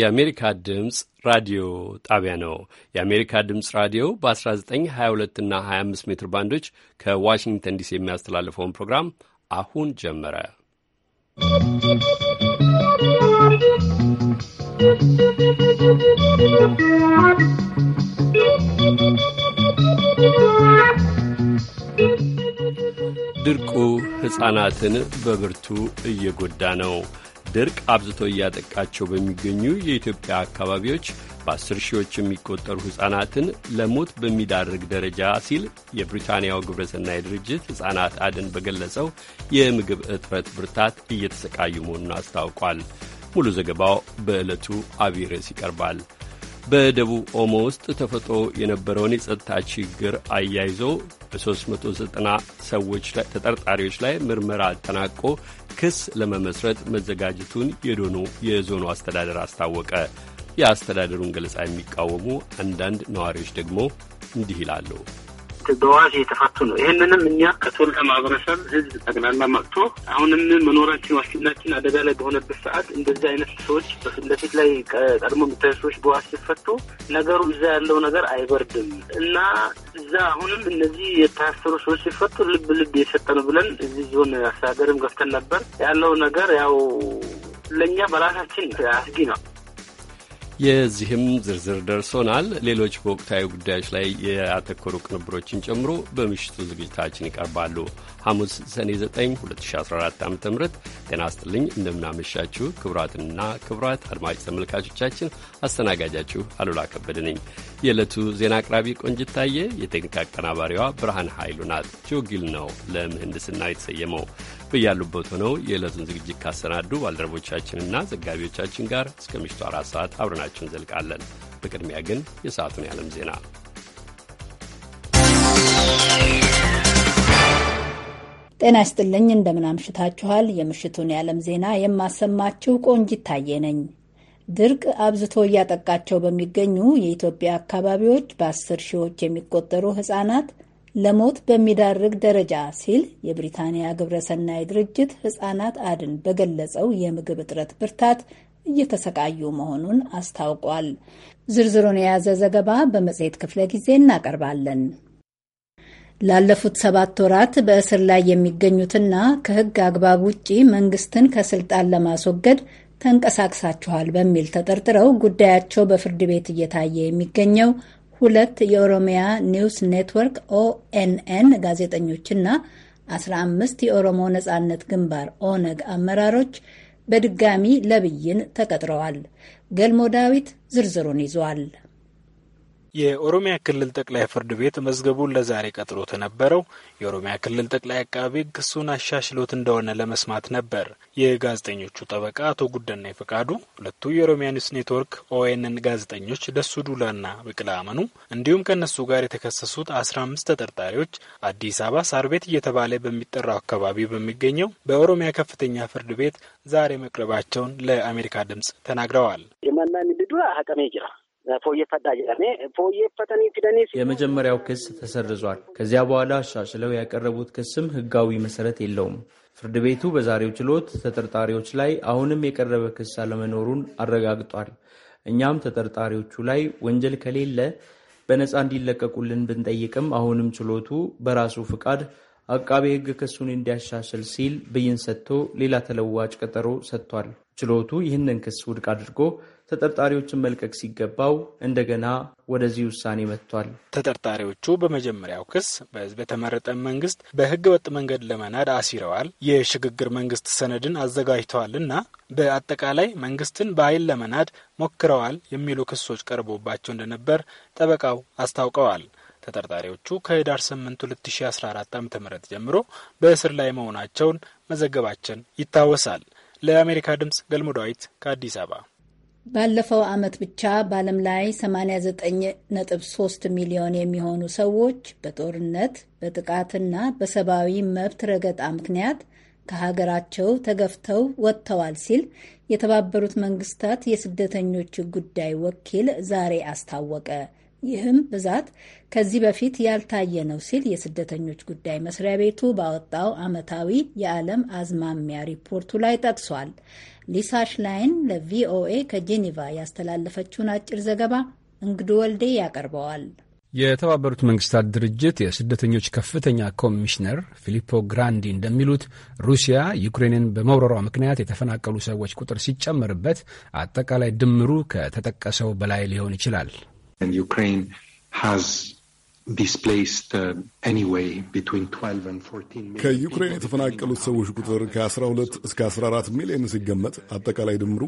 የአሜሪካ ድምፅ ራዲዮ ጣቢያ ነው። የአሜሪካ ድምፅ ራዲዮ በ1922 እና 25 ሜትር ባንዶች ከዋሽንግተን ዲሲ የሚያስተላልፈውን ፕሮግራም አሁን ጀመረ። ድርቁ ሕፃናትን በብርቱ እየጎዳ ነው። ድርቅ አብዝቶ እያጠቃቸው በሚገኙ የኢትዮጵያ አካባቢዎች በአስር ሺዎች የሚቆጠሩ ሕፃናትን ለሞት በሚዳርግ ደረጃ ሲል የብሪታንያው ግብረሰናይ ድርጅት ሕፃናት አድን በገለጸው የምግብ እጥረት ብርታት እየተሰቃዩ መሆኑን አስታውቋል። ሙሉ ዘገባው በዕለቱ አብይ ርዕስ ይቀርባል። በደቡብ ኦሞ ውስጥ ተፈጥሮ የነበረውን የጸጥታ ችግር አያይዞ በ390 ሰዎች ተጠርጣሪዎች ላይ ምርመራ አጠናቆ ክስ ለመመስረት መዘጋጀቱን የዶኖ የዞኑ አስተዳደር አስታወቀ። የአስተዳደሩን ገለጻ የሚቃወሙ አንዳንድ ነዋሪዎች ደግሞ እንዲህ ይላሉ። በዋስ እየተፋቱ ነው። ይህንንም እኛ ከቶወልዳ ማህበረሰብ ህዝብ ጠቅላላ መጥቶ አሁንም መኖራችን ዋስትናችን አደጋ ላይ በሆነበት ሰዓት እንደዚህ አይነት ሰዎች በፊትለፊት ለፊት ላይ ቀድሞ የሚታዩ ሰዎች በዋስ ሲፈቱ ነገሩ እዛ ያለው ነገር አይበርድም እና እዛ አሁንም እነዚህ የታሰሩ ሰዎች ሲፈቱ ልብ ልብ የሰጠ ነው ብለን እዚህ ዞን አስተዳደርም ገፍተን ነበር ያለው ነገር ያው ለእኛ በራሳችን አስጊ ነው። የዚህም ዝርዝር ደርሶናል። ሌሎች በወቅታዊ ጉዳዮች ላይ ያተኮሩ ቅንብሮችን ጨምሮ በምሽቱ ዝግጅታችን ይቀርባሉ። ሐሙስ ሰኔ 9 2014 ዓ ም ጤና ይስጥልኝ። እንደምናመሻችሁ ክቡራትና ክቡራት አድማጭ ተመልካቾቻችን አስተናጋጃችሁ አሉላ ከበደ ነኝ። የዕለቱ ዜና አቅራቢ ቆንጅት ታየ፣ የቴክኒክ አቀናባሪዋ ብርሃን ኃይሉ ናት። ጆጊል ነው ለምህንድስና የተሰየመው በያሉበት ሆነው የዕለቱን ዝግጅት ካሰናዱ ባልደረቦቻችንና ዘጋቢዎቻችን ጋር እስከ ምሽቱ አራት ሰዓት አብረናችሁ እንዘልቃለን። በቅድሚያ ግን የሰዓቱን የዓለም ዜና ጤና ይስጥልኝ። እንደምን አምሽታችኋል። የምሽቱን የዓለም ዜና የማሰማችሁ ቆንጂት ታየ ነኝ። ድርቅ አብዝቶ እያጠቃቸው በሚገኙ የኢትዮጵያ አካባቢዎች በአስር ሺዎች የሚቆጠሩ ሕጻናት ለሞት በሚዳርግ ደረጃ ሲል የብሪታንያ ግብረሰናይ ድርጅት ሕፃናት አድን በገለጸው የምግብ እጥረት ብርታት እየተሰቃዩ መሆኑን አስታውቋል። ዝርዝሩን የያዘ ዘገባ በመጽሔት ክፍለ ጊዜ እናቀርባለን። ላለፉት ሰባት ወራት በእስር ላይ የሚገኙትና ከሕግ አግባብ ውጪ መንግስትን ከስልጣን ለማስወገድ ተንቀሳቅሳችኋል በሚል ተጠርጥረው ጉዳያቸው በፍርድ ቤት እየታየ የሚገኘው ሁለት የኦሮሚያ ኒውስ ኔትወርክ ኦኤንኤን ጋዜጠኞችና 15 የኦሮሞ ነጻነት ግንባር ኦነግ አመራሮች በድጋሚ ለብይን ተቀጥረዋል። ገልሞ ዳዊት ዝርዝሩን ይዟል። የኦሮሚያ ክልል ጠቅላይ ፍርድ ቤት መዝገቡን ለዛሬ ቀጥሮት ተነበረው የኦሮሚያ ክልል ጠቅላይ አቃቤ ሕግ ክሱን አሻሽሎት እንደሆነ ለመስማት ነበር። የጋዜጠኞቹ ጠበቃ አቶ ጉደና ፈቃዱ ሁለቱ የኦሮሚያ ኒውስ ኔትወርክ ኦኤንን ጋዜጠኞች ደሱ ዱላና ብቅላ አመኑ እንዲሁም ከእነሱ ጋር የተከሰሱት አስራ አምስት ተጠርጣሪዎች አዲስ አበባ ሳር ቤት እየተባለ በሚጠራው አካባቢ በሚገኘው በኦሮሚያ ከፍተኛ ፍርድ ቤት ዛሬ መቅረባቸውን ለአሜሪካ ድምጽ ተናግረዋል። የመጀመሪያው ክስ ተሰርዟል። ከዚያ በኋላ አሻሽለው ያቀረቡት ክስም ህጋዊ መሰረት የለውም። ፍርድ ቤቱ በዛሬው ችሎት ተጠርጣሪዎች ላይ አሁንም የቀረበ ክስ አለመኖሩን አረጋግጧል። እኛም ተጠርጣሪዎቹ ላይ ወንጀል ከሌለ በነፃ እንዲለቀቁልን ብንጠይቅም አሁንም ችሎቱ በራሱ ፍቃድ አቃቤ ሕግ ክሱን እንዲያሻሽል ሲል ብይን ሰጥቶ ሌላ ተለዋጭ ቀጠሮ ሰጥቷል። ችሎቱ ይህንን ክስ ውድቅ አድርጎ ተጠርጣሪዎችን መልቀቅ ሲገባው እንደገና ወደዚህ ውሳኔ መጥቷል። ተጠርጣሪዎቹ በመጀመሪያው ክስ በህዝብ የተመረጠ መንግስት በህገ ወጥ መንገድ ለመናድ አሲረዋል፣ የሽግግር መንግስት ሰነድን አዘጋጅተዋል እና በአጠቃላይ መንግስትን በኃይል ለመናድ ሞክረዋል የሚሉ ክሶች ቀርቦባቸው እንደነበር ጠበቃው አስታውቀዋል። ተጠርጣሪዎቹ ከህዳር 8 2014 ዓ ም ጀምሮ በእስር ላይ መሆናቸውን መዘገባችን ይታወሳል። ለአሜሪካ ድምፅ ገልሞ ዳዊት ከአዲስ አበባ ባለፈው ዓመት ብቻ በዓለም ላይ 89.3 ሚሊዮን የሚሆኑ ሰዎች በጦርነት በጥቃትና በሰብአዊ መብት ረገጣ ምክንያት ከሀገራቸው ተገፍተው ወጥተዋል ሲል የተባበሩት መንግስታት የስደተኞች ጉዳይ ወኪል ዛሬ አስታወቀ። ይህም ብዛት ከዚህ በፊት ያልታየ ነው ሲል የስደተኞች ጉዳይ መስሪያ ቤቱ ባወጣው ዓመታዊ የዓለም አዝማሚያ ሪፖርቱ ላይ ጠቅሷል። ሊሳ ሽላይን ለቪኦኤ ከጄኔቫ ያስተላለፈችውን አጭር ዘገባ እንግዱ ወልዴ ያቀርበዋል። የተባበሩት መንግስታት ድርጅት የስደተኞች ከፍተኛ ኮሚሽነር ፊሊፖ ግራንዲ እንደሚሉት ሩሲያ ዩክሬንን በመውረሯ ምክንያት የተፈናቀሉ ሰዎች ቁጥር ሲጨመርበት አጠቃላይ ድምሩ ከተጠቀሰው በላይ ሊሆን ይችላል። ዩክሬን Uh, ከዩክሬን የተፈናቀሉት ሰዎች ቁጥር ከ12 እስከ 14 ሚሊዮን ሲገመት አጠቃላይ ድምሩ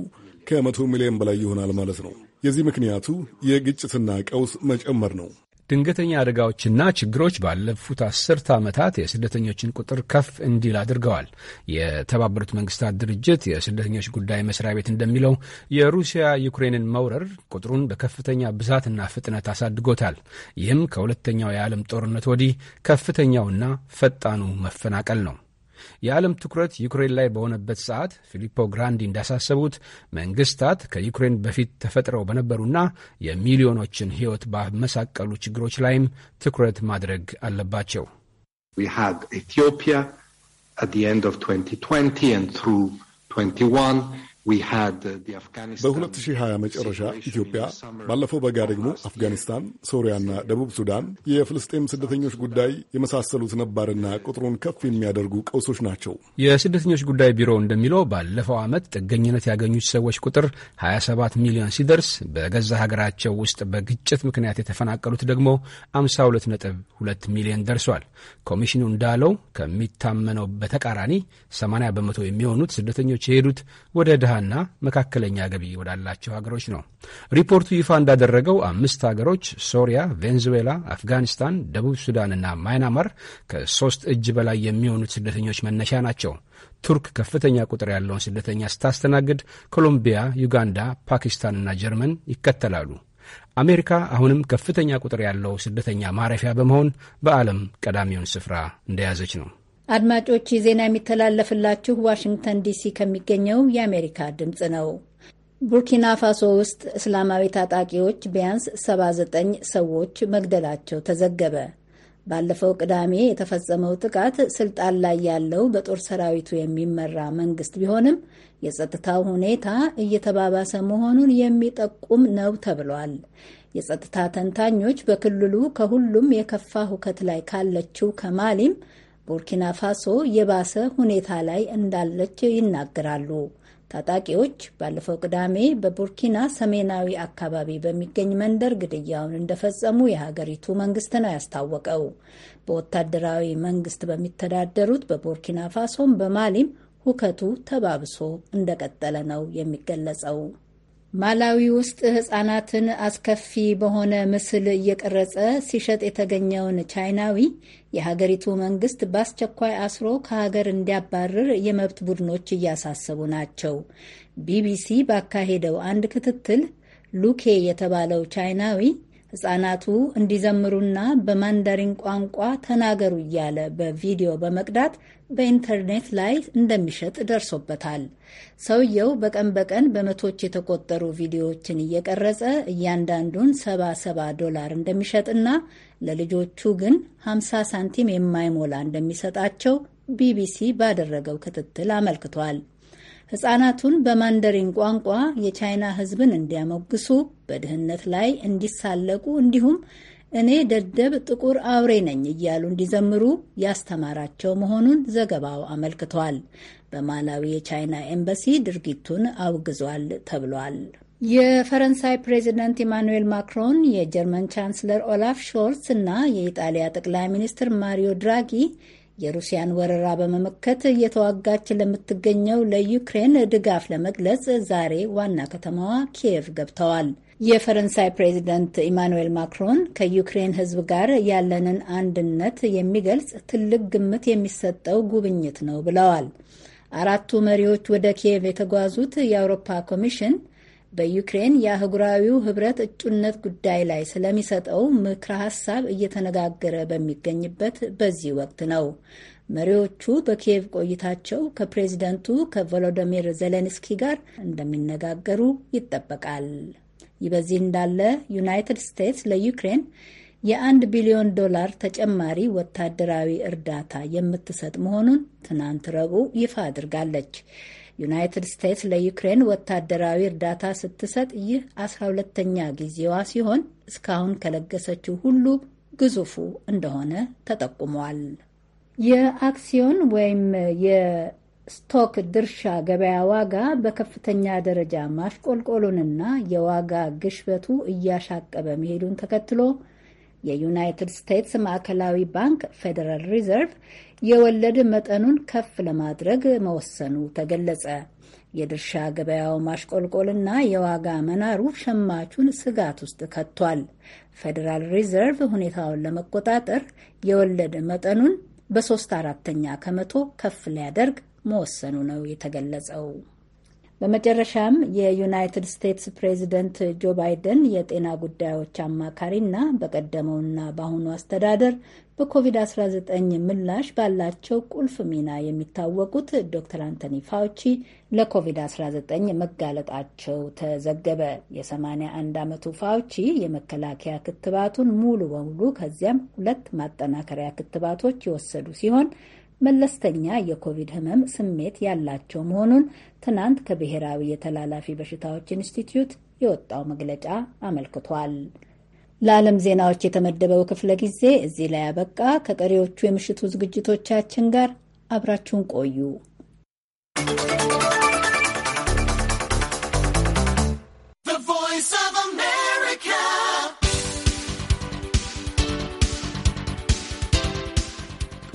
ከ100 ሚሊዮን በላይ ይሆናል ማለት ነው። የዚህ ምክንያቱ የግጭትና ቀውስ መጨመር ነው። ድንገተኛ አደጋዎችና ችግሮች ባለፉት አስርተ ዓመታት የስደተኞችን ቁጥር ከፍ እንዲል አድርገዋል። የተባበሩት መንግስታት ድርጅት የስደተኞች ጉዳይ መስሪያ ቤት እንደሚለው የሩሲያ ዩክሬንን መውረር ቁጥሩን በከፍተኛ ብዛትና ፍጥነት አሳድጎታል። ይህም ከሁለተኛው የዓለም ጦርነት ወዲህ ከፍተኛውና ፈጣኑ መፈናቀል ነው። የዓለም ትኩረት ዩክሬን ላይ በሆነበት ሰዓት ፊሊፖ ግራንዲ እንዳሳሰቡት መንግስታት ከዩክሬን በፊት ተፈጥረው በነበሩና የሚሊዮኖችን ሕይወት ባመሳቀሉ ችግሮች ላይም ትኩረት ማድረግ አለባቸው። ኢትዮጵያ at the end of 2020 and through 21 በ2020 መጨረሻ ኢትዮጵያ፣ ባለፈው በጋ ደግሞ አፍጋኒስታን፣ ሶሪያና ደቡብ ሱዳን የፍልስጤም ስደተኞች ጉዳይ የመሳሰሉት ነባርና ቁጥሩን ከፍ የሚያደርጉ ቀውሶች ናቸው። የስደተኞች ጉዳይ ቢሮ እንደሚለው ባለፈው ዓመት ጥገኝነት ያገኙት ሰዎች ቁጥር 27 ሚሊዮን ሲደርስ በገዛ ሀገራቸው ውስጥ በግጭት ምክንያት የተፈናቀሉት ደግሞ 52.2 ሚሊዮን ደርሷል። ኮሚሽኑ እንዳለው ከሚታመነው በተቃራኒ 80 በመቶ የሚሆኑት ስደተኞች የሄዱት ወደ ድሃና መካከለኛ ገቢ ወዳላቸው ሀገሮች ነው። ሪፖርቱ ይፋ እንዳደረገው አምስት ሀገሮች ሶሪያ፣ ቬንዙዌላ፣ አፍጋኒስታን፣ ደቡብ ሱዳንና ማይናማር ከሶስት እጅ በላይ የሚሆኑት ስደተኞች መነሻ ናቸው። ቱርክ ከፍተኛ ቁጥር ያለውን ስደተኛ ስታስተናግድ፣ ኮሎምቢያ፣ ዩጋንዳ፣ ፓኪስታንና ጀርመን ይከተላሉ። አሜሪካ አሁንም ከፍተኛ ቁጥር ያለው ስደተኛ ማረፊያ በመሆን በዓለም ቀዳሚውን ስፍራ እንደያዘች ነው። አድማጮች ዜና የሚተላለፍላችሁ ዋሽንግተን ዲሲ ከሚገኘው የአሜሪካ ድምፅ ነው። ቡርኪና ፋሶ ውስጥ እስላማዊ ታጣቂዎች ቢያንስ 79 ሰዎች መግደላቸው ተዘገበ። ባለፈው ቅዳሜ የተፈጸመው ጥቃት ስልጣን ላይ ያለው በጦር ሰራዊቱ የሚመራ መንግስት ቢሆንም የጸጥታው ሁኔታ እየተባባሰ መሆኑን የሚጠቁም ነው ተብሏል። የጸጥታ ተንታኞች በክልሉ ከሁሉም የከፋ ሁከት ላይ ካለችው ከማሊም ቡርኪና ፋሶ የባሰ ሁኔታ ላይ እንዳለች ይናገራሉ። ታጣቂዎች ባለፈው ቅዳሜ በቡርኪና ሰሜናዊ አካባቢ በሚገኝ መንደር ግድያውን እንደፈጸሙ የሀገሪቱ መንግስት ነው ያስታወቀው። በወታደራዊ መንግስት በሚተዳደሩት በቡርኪና ፋሶም በማሊም ሁከቱ ተባብሶ እንደቀጠለ ነው የሚገለጸው። ማላዊ ውስጥ ሕፃናትን አስከፊ በሆነ ምስል እየቀረጸ ሲሸጥ የተገኘውን ቻይናዊ የሀገሪቱ መንግስት በአስቸኳይ አስሮ ከሀገር እንዲያባርር የመብት ቡድኖች እያሳሰቡ ናቸው። ቢቢሲ ባካሄደው አንድ ክትትል ሉኬ የተባለው ቻይናዊ ሕፃናቱ እንዲዘምሩና በማንዳሪን ቋንቋ ተናገሩ እያለ በቪዲዮ በመቅዳት በኢንተርኔት ላይ እንደሚሸጥ ደርሶበታል። ሰውየው በቀን በቀን በመቶች የተቆጠሩ ቪዲዮዎችን እየቀረጸ እያንዳንዱን ሰባ ሰባ ዶላር እንደሚሸጥና ለልጆቹ ግን 50 ሳንቲም የማይሞላ እንደሚሰጣቸው ቢቢሲ ባደረገው ክትትል አመልክቷል። ሕፃናቱን በማንደሪን ቋንቋ የቻይና ሕዝብን እንዲያሞግሱ፣ በድህነት ላይ እንዲሳለቁ እንዲሁም እኔ ደደብ ጥቁር አውሬ ነኝ እያሉ እንዲዘምሩ ያስተማራቸው መሆኑን ዘገባው አመልክቷል። በማላዊ የቻይና ኤምባሲ ድርጊቱን አውግዟል ተብሏል። የፈረንሳይ ፕሬዚደንት ኢማኑዌል ማክሮን፣ የጀርመን ቻንስለር ኦላፍ ሾልስ እና የኢጣሊያ ጠቅላይ ሚኒስትር ማሪዮ ድራጊ የሩሲያን ወረራ በመመከት እየተዋጋች ለምትገኘው ለዩክሬን ድጋፍ ለመግለጽ ዛሬ ዋና ከተማዋ ኪየቭ ገብተዋል። የፈረንሳይ ፕሬዚደንት ኢማኑኤል ማክሮን ከዩክሬን ሕዝብ ጋር ያለንን አንድነት የሚገልጽ ትልቅ ግምት የሚሰጠው ጉብኝት ነው ብለዋል። አራቱ መሪዎች ወደ ኪየቭ የተጓዙት የአውሮፓ ኮሚሽን በዩክሬን የአህጉራዊው ህብረት እጩነት ጉዳይ ላይ ስለሚሰጠው ምክረ ሀሳብ እየተነጋገረ በሚገኝበት በዚህ ወቅት ነው። መሪዎቹ በኪየቭ ቆይታቸው ከፕሬዚደንቱ ከቮሎዶሚር ዜሌንስኪ ጋር እንደሚነጋገሩ ይጠበቃል። ይህ በዚህ እንዳለ ዩናይትድ ስቴትስ ለዩክሬን የአንድ ቢሊዮን ዶላር ተጨማሪ ወታደራዊ እርዳታ የምትሰጥ መሆኑን ትናንት ረቡዕ ይፋ አድርጋለች። ዩናይትድ ስቴትስ ለዩክሬን ወታደራዊ እርዳታ ስትሰጥ ይህ አስራ ሁለተኛ ጊዜዋ ሲሆን እስካሁን ከለገሰችው ሁሉ ግዙፉ እንደሆነ ተጠቁሟል። የአክሲዮን ወይም የስቶክ ድርሻ ገበያ ዋጋ በከፍተኛ ደረጃ ማሽቆልቆሉንና የዋጋ ግሽበቱ እያሻቀበ መሄዱን ተከትሎ የዩናይትድ ስቴትስ ማዕከላዊ ባንክ ፌዴራል ሪዘርቭ የወለድ መጠኑን ከፍ ለማድረግ መወሰኑ ተገለጸ። የድርሻ ገበያው ማሽቆልቆልና የዋጋ መናሩ ሸማቹን ስጋት ውስጥ ከቷል። ፌዴራል ሪዘርቭ ሁኔታውን ለመቆጣጠር የወለድ መጠኑን በሶስት አራተኛ ከመቶ ከፍ ሊያደርግ መወሰኑ ነው የተገለጸው። በመጨረሻም የዩናይትድ ስቴትስ ፕሬዚደንት ጆ ባይደን የጤና ጉዳዮች አማካሪና በቀደመውና በአሁኑ አስተዳደር በኮቪድ-19 ምላሽ ባላቸው ቁልፍ ሚና የሚታወቁት ዶክተር አንቶኒ ፋውቺ ለኮቪድ-19 መጋለጣቸው ተዘገበ። የ81 ዓመቱ ፋውቺ የመከላከያ ክትባቱን ሙሉ በሙሉ ከዚያም ሁለት ማጠናከሪያ ክትባቶች የወሰዱ ሲሆን መለስተኛ የኮቪድ ህመም ስሜት ያላቸው መሆኑን ትናንት ከብሔራዊ የተላላፊ በሽታዎች ኢንስቲትዩት የወጣው መግለጫ አመልክቷል። ለዓለም ዜናዎች የተመደበው ክፍለ ጊዜ እዚህ ላይ አበቃ። ከቀሪዎቹ የምሽቱ ዝግጅቶቻችን ጋር አብራችሁን ቆዩ።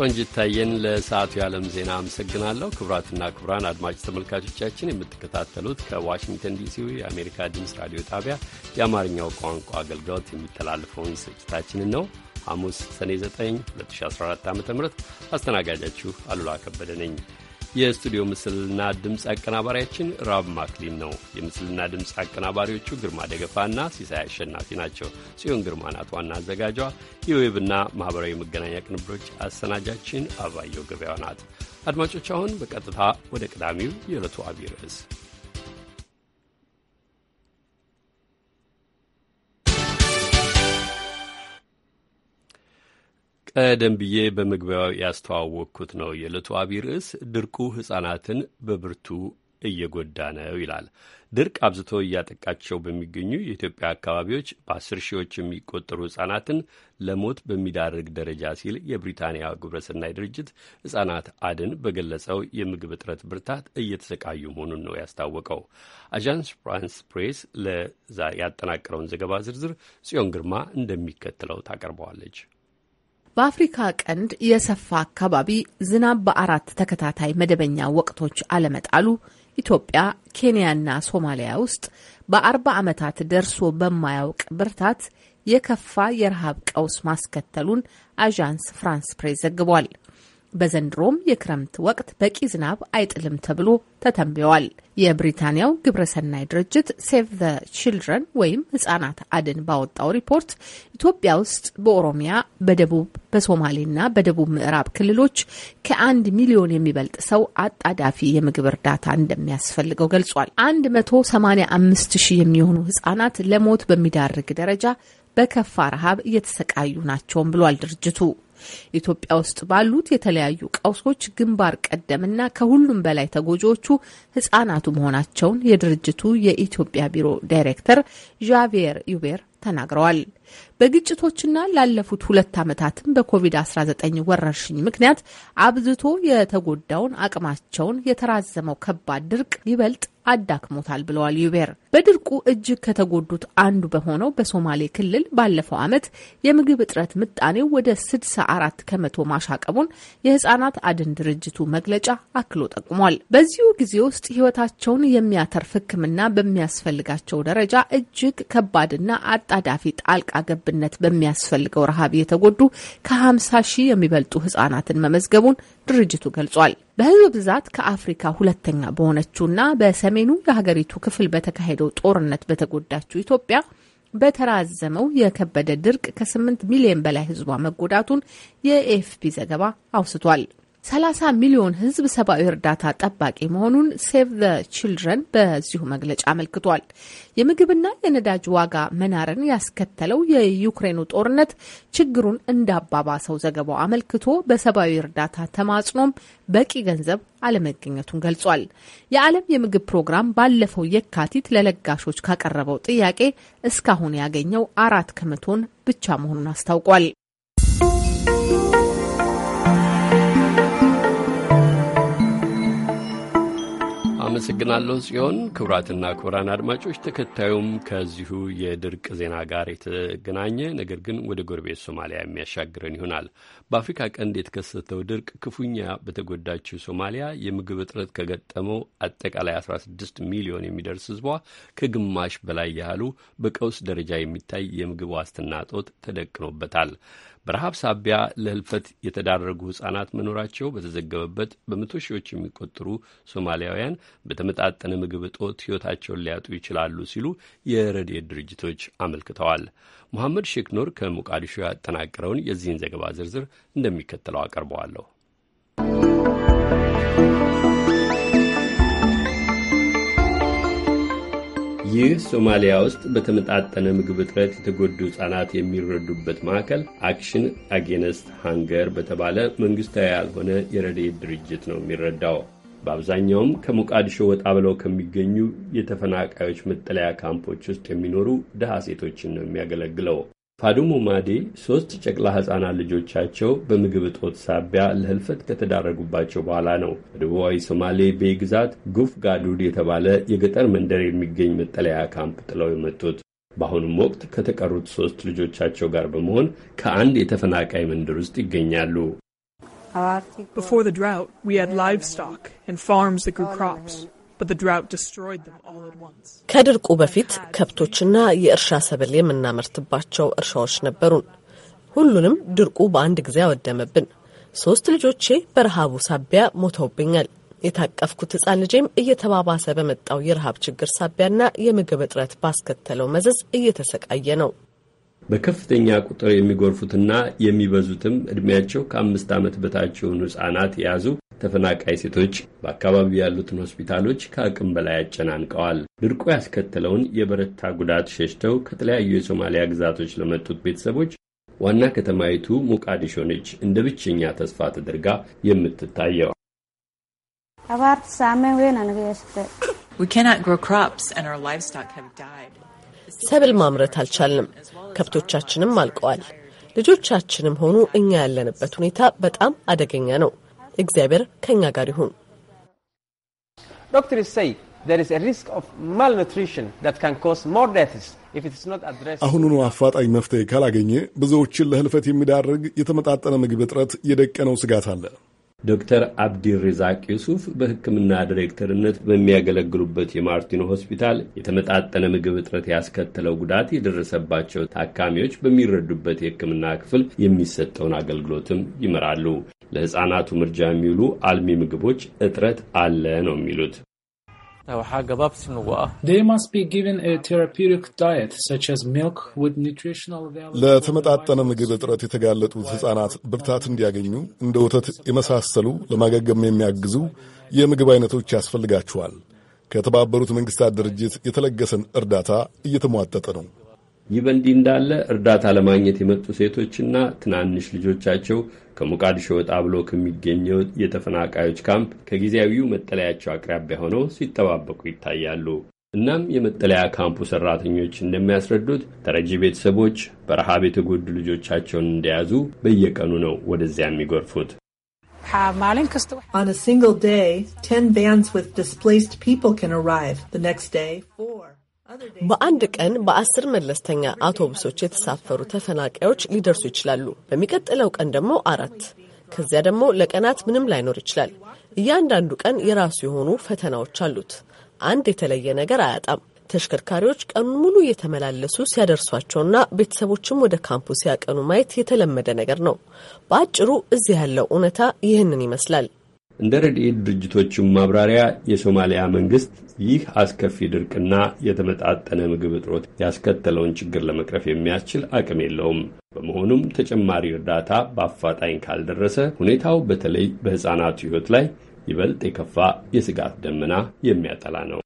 ቆንጅታየን ለሰዓቱ የዓለም ዜና አመሰግናለሁ። ክቡራትና ክቡራን አድማጭ ተመልካቾቻችን የምትከታተሉት ከዋሽንግተን ዲሲ የአሜሪካ ድምፅ ራዲዮ ጣቢያ የአማርኛው ቋንቋ አገልግሎት የሚተላለፈውን ስርጭታችንን ነው። ሐሙስ ሰኔ 9 2014 ዓ ም አስተናጋጃችሁ አሉላ ከበደ ነኝ። የስቱዲዮ ምስልና ድምፅ አቀናባሪያችን ራብ ማክሊን ነው። የምስልና ድምፅ አቀናባሪዎቹ ግርማ ደገፋና ሲሳይ አሸናፊ ናቸው። ጽዮን ግርማ ናት ዋና አዘጋጇ። የዌብና ማኅበራዊ መገናኛ ቅንብሮች አሰናጃችን አባየው ገበያ ናት። አድማጮች አሁን በቀጥታ ወደ ቅዳሚው የዕለቱ አብይ ርዕስ ቀደም ብዬ በመግቢያው ያስተዋወቅኩት ነው። የዕለቱ አቢይ ርዕስ ድርቁ ሕፃናትን በብርቱ እየጎዳ ነው ይላል። ድርቅ አብዝቶ እያጠቃቸው በሚገኙ የኢትዮጵያ አካባቢዎች በአስር ሺዎች የሚቆጠሩ ሕፃናትን ለሞት በሚዳርግ ደረጃ ሲል የብሪታንያ ግብረሰናይ ድርጅት ሕፃናት አድን በገለጸው የምግብ እጥረት ብርታት እየተሰቃዩ መሆኑን ነው ያስታወቀው። አዣንስ ፍራንስ ፕሬስ ለዛ ያጠናቀረውን ዘገባ ዝርዝር ጽዮን ግርማ እንደሚከተለው ታቀርበዋለች። በአፍሪካ ቀንድ የሰፋ አካባቢ ዝናብ በአራት ተከታታይ መደበኛ ወቅቶች አለመጣሉ ኢትዮጵያ፣ ኬንያና ሶማሊያ ውስጥ በአርባ ዓመታት ደርሶ በማያውቅ ብርታት የከፋ የረሃብ ቀውስ ማስከተሉን አዣንስ ፍራንስ ፕሬስ ዘግቧል። በዘንድሮም የክረምት ወቅት በቂ ዝናብ አይጥልም ተብሎ ተተንብዋል። የብሪታንያው ግብረሰናይ ድርጅት ሴቭ ዘ ችልድረን ወይም ህጻናት አድን ባወጣው ሪፖርት ኢትዮጵያ ውስጥ በኦሮሚያ፣ በደቡብ፣ በሶማሌና በደቡብ ምዕራብ ክልሎች ከአንድ ሚሊዮን የሚበልጥ ሰው አጣዳፊ የምግብ እርዳታ እንደሚያስፈልገው ገልጿል። 185 ሺህ የሚሆኑ ህጻናት ለሞት በሚዳርግ ደረጃ በከፋ ረሃብ እየተሰቃዩ ናቸውም ብሏል ድርጅቱ። ኢትዮጵያ ውስጥ ባሉት የተለያዩ ቀውሶች ግንባር ቀደምና ከሁሉም በላይ ተጎጂዎቹ ህጻናቱ መሆናቸውን የድርጅቱ የኢትዮጵያ ቢሮ ዳይሬክተር ዣቪየር ዩቤር ተናግረዋል። በግጭቶችና ላለፉት ሁለት ዓመታትም በኮቪድ-19 ወረርሽኝ ምክንያት አብዝቶ የተጎዳውን አቅማቸውን የተራዘመው ከባድ ድርቅ ይበልጥ አዳክሞታል ብለዋል ዩቤር። በድርቁ እጅግ ከተጎዱት አንዱ በሆነው በሶማሌ ክልል ባለፈው ዓመት የምግብ እጥረት ምጣኔው ወደ 64 ከመቶ ማሻቀቡን የህጻናት አድን ድርጅቱ መግለጫ አክሎ ጠቁሟል። በዚሁ ጊዜ ውስጥ ህይወታቸውን የሚያተርፍ ሕክምና በሚያስፈልጋቸው ደረጃ እጅግ ከባድና አጣዳፊ ጣልቃ ገብ ገብነት በሚያስፈልገው ረሃብ የተጎዱ ከ50 ሺህ የሚበልጡ ህጻናትን መመዝገቡን ድርጅቱ ገልጿል። በህዝብ ብዛት ከአፍሪካ ሁለተኛ በሆነችውና በሰሜኑ የሀገሪቱ ክፍል በተካሄደው ጦርነት በተጎዳችው ኢትዮጵያ በተራዘመው የከበደ ድርቅ ከ8 ሚሊዮን በላይ ህዝቧ መጎዳቱን የኤኤፍፒ ዘገባ አውስቷል። 30 ሚሊዮን ህዝብ ሰብአዊ እርዳታ ጠባቂ መሆኑን ሴቭ ዘ ችልድረን በዚሁ መግለጫ አመልክቷል። የምግብና የነዳጅ ዋጋ መናርን ያስከተለው የዩክሬኑ ጦርነት ችግሩን እንዳባባሰው ዘገባው አመልክቶ በሰብአዊ እርዳታ ተማጽኖም በቂ ገንዘብ አለመገኘቱን ገልጿል። የዓለም የምግብ ፕሮግራም ባለፈው የካቲት ለለጋሾች ካቀረበው ጥያቄ እስካሁን ያገኘው አራት ከመቶን ብቻ መሆኑን አስታውቋል። አመሰግናለሁ ጽዮን። ክቡራትና ክቡራን አድማጮች ተከታዩም ከዚሁ የድርቅ ዜና ጋር የተገናኘ ነገር ግን ወደ ጎረቤት ሶማሊያ የሚያሻግረን ይሆናል። በአፍሪካ ቀንድ የተከሰተው ድርቅ ክፉኛ በተጎዳችው ሶማሊያ የምግብ እጥረት ከገጠመው አጠቃላይ 16 ሚሊዮን የሚደርስ ህዝቧ ከግማሽ በላይ ያህሉ በቀውስ ደረጃ የሚታይ የምግብ ዋስትና እጦት ተደቅኖበታል። በረሃብ ሳቢያ ለህልፈት የተዳረጉ ህጻናት መኖራቸው በተዘገበበት በመቶ ሺዎች የሚቆጠሩ ሶማሊያውያን በተመጣጠነ ምግብ እጦት ሕይወታቸውን ሊያጡ ይችላሉ ሲሉ የረድኤት ድርጅቶች አመልክተዋል። መሐመድ ሼክ ኖር ከሞቃዲሾ ያጠናቀረውን የዚህን ዘገባ ዝርዝር እንደሚከተለው አቀርበዋለሁ። ይህ ሶማሊያ ውስጥ በተመጣጠነ ምግብ እጥረት የተጎዱ ሕፃናት የሚረዱበት ማዕከል አክሽን አጌነስት ሃንገር በተባለ መንግሥታዊ ያልሆነ የረድኤት ድርጅት ነው የሚረዳው። በአብዛኛውም ከሞቃዲሾ ወጣ ብለው ከሚገኙ የተፈናቃዮች መጠለያ ካምፖች ውስጥ የሚኖሩ ድሃ ሴቶችን ነው የሚያገለግለው። ፓዱሙ ማዴ ሶስት ጨቅላ ሕፃናት ልጆቻቸው በምግብ እጦት ሳቢያ ለህልፈት ከተዳረጉባቸው በኋላ ነው በደቡባዊ ሶማሌ ቤ ግዛት ጉፍ ጋዱድ የተባለ የገጠር መንደር የሚገኝ መጠለያ ካምፕ ጥለው የመጡት። በአሁኑም ወቅት ከተቀሩት ሶስት ልጆቻቸው ጋር በመሆን ከአንድ የተፈናቃይ መንደር ውስጥ ይገኛሉ። Before the drought, we had livestock and farms that grew crops. ከድርቁ በፊት ከብቶችና የእርሻ ሰብል የምናመርትባቸው እርሻዎች ነበሩን። ሁሉንም ድርቁ በአንድ ጊዜ አወደመብን። ሶስት ልጆቼ በረሃቡ ሳቢያ ሞተውብኛል። የታቀፍኩት ህጻን ልጄም እየተባባሰ በመጣው የረሃብ ችግር ሳቢያና የምግብ እጥረት ባስከተለው መዘዝ እየተሰቃየ ነው። በከፍተኛ ቁጥር የሚጎርፉትና የሚበዙትም ዕድሜያቸው ከአምስት ዓመት በታች የሆኑ ህጻናት የያዙ ተፈናቃይ ሴቶች በአካባቢው ያሉትን ሆስፒታሎች ከአቅም በላይ አጨናንቀዋል። ድርቁ ያስከተለውን የበረታ ጉዳት ሸሽተው ከተለያዩ የሶማሊያ ግዛቶች ለመጡት ቤተሰቦች ዋና ከተማይቱ ሞቃዲሾ ነች እንደ ብቸኛ ተስፋ ተደርጋ የምትታየው። ሰብል ማምረት አልቻልንም። ከብቶቻችንም አልቀዋል። ልጆቻችንም ሆኑ እኛ ያለንበት ሁኔታ በጣም አደገኛ ነው። እግዚአብሔር ከእኛ ጋር ይሁን። አሁኑኑ አፋጣኝ መፍትሄ ካላገኘ ብዙዎችን ለህልፈት የሚዳርግ የተመጣጠነ ምግብ እጥረት የደቀነው ስጋት አለ። ዶክተር ሪዛቅ ዩሱፍ በሕክምና ዲሬክተርነት በሚያገለግሉበት የማርቲኖ ሆስፒታል የተመጣጠነ ምግብ እጥረት ያስከተለው ጉዳት የደረሰባቸው ታካሚዎች በሚረዱበት የሕክምና ክፍል የሚሰጠውን አገልግሎትም ይመራሉ። ለሕፃናቱ ምርጃ የሚውሉ አልሚ ምግቦች እጥረት አለ ነው የሚሉት። ለተመጣጠነ ምግብ እጥረት የተጋለጡት ሕፃናት ብርታት እንዲያገኙ እንደ ወተት የመሳሰሉ ለማገገም የሚያግዙ የምግብ አይነቶች ያስፈልጋቸዋል። ከተባበሩት መንግስታት ድርጅት የተለገሰን እርዳታ እየተሟጠጠ ነው። ይህ በእንዲህ እንዳለ እርዳታ ለማግኘት የመጡ ሴቶችና ትናንሽ ልጆቻቸው ከሞቃዲሾ ወጣ ብሎ ከሚገኘው የተፈናቃዮች ካምፕ ከጊዜያዊው መጠለያቸው አቅራቢያ ሆነው ሲጠባበቁ ይታያሉ። እናም የመጠለያ ካምፑ ሰራተኞች እንደሚያስረዱት ተረጂ ቤተሰቦች በረሃብ የተጎዱ ልጆቻቸውን እንደያዙ በየቀኑ ነው ወደዚያ የሚጎርፉት። On a single day, 10 vans with displaced people can arrive. The next day, በአንድ ቀን በአስር መለስተኛ አውቶቡሶች የተሳፈሩ ተፈናቃዮች ሊደርሱ ይችላሉ። በሚቀጥለው ቀን ደግሞ አራት፣ ከዚያ ደግሞ ለቀናት ምንም ላይኖር ይችላል። እያንዳንዱ ቀን የራሱ የሆኑ ፈተናዎች አሉት። አንድ የተለየ ነገር አያጣም። ተሽከርካሪዎች ቀኑን ሙሉ እየተመላለሱ ሲያደርሷቸውና ቤተሰቦችም ወደ ካምፑ ሲያቀኑ ማየት የተለመደ ነገር ነው። በአጭሩ እዚህ ያለው እውነታ ይህንን ይመስላል። እንደ ረድኤት ድርጅቶቹም ማብራሪያ የሶማሊያ መንግስት ይህ አስከፊ ድርቅና የተመጣጠነ ምግብ እጥረት ያስከተለውን ችግር ለመቅረፍ የሚያስችል አቅም የለውም። በመሆኑም ተጨማሪ እርዳታ በአፋጣኝ ካልደረሰ ሁኔታው በተለይ በሕፃናቱ ሕይወት ላይ ይበልጥ የከፋ የስጋት ደመና የሚያጠላ ነው።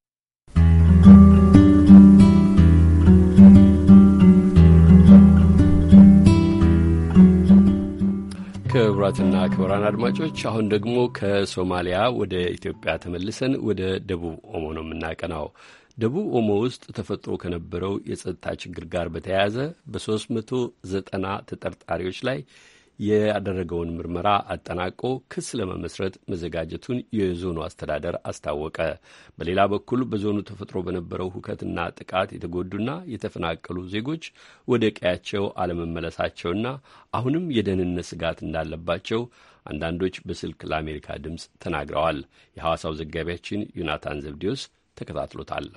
ክቡራትና ክቡራን አድማጮች አሁን ደግሞ ከሶማሊያ ወደ ኢትዮጵያ ተመልሰን ወደ ደቡብ ኦሞ ነው የምናቀናው። ደቡብ ኦሞ ውስጥ ተፈጥሮ ከነበረው የጸጥታ ችግር ጋር በተያያዘ በ390 ተጠርጣሪዎች ላይ ያደረገውን ምርመራ አጠናቆ ክስ ለመመስረት መዘጋጀቱን የዞኑ አስተዳደር አስታወቀ። በሌላ በኩል በዞኑ ተፈጥሮ በነበረው ሁከትና ጥቃት የተጎዱና የተፈናቀሉ ዜጎች ወደ ቀያቸው አለመመለሳቸውና አሁንም የደህንነት ስጋት እንዳለባቸው አንዳንዶች በስልክ ለአሜሪካ ድምፅ ተናግረዋል። የሐዋሳው ዘጋቢያችን ዮናታን ዘብዲዮስ ተከታትሎታል።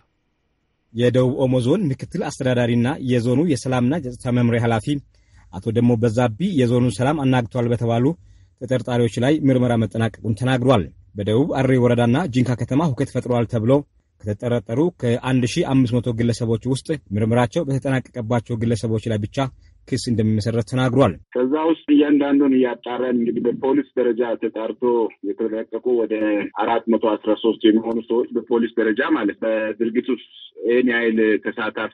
የደቡብ ኦሞ ዞን ምክትል አስተዳዳሪና የዞኑ የሰላምና ጸጥታ መምሪያ ኃላፊ አቶ ደግሞ በዛቢ የዞኑ ሰላም አናግቷል በተባሉ ተጠርጣሪዎች ላይ ምርመራ መጠናቀቁን ተናግሯል። በደቡብ አሬ ወረዳና ጂንካ ከተማ ሁከት ፈጥሯል ተብሎ ከተጠረጠሩ ከ1500 ግለሰቦች ውስጥ ምርመራቸው በተጠናቀቀባቸው ግለሰቦች ላይ ብቻ ክስ እንደሚመሰረት ተናግሯል። ከዛ ውስጥ እያንዳንዱን እያጣራን እንግዲህ በፖሊስ ደረጃ ተጣርቶ የተለቀቁ ወደ አራት መቶ አስራ ሶስት የሚሆኑ ሰዎች በፖሊስ ደረጃ ማለት በድርጊት ውስጥ ይህን ያህል ተሳታፊ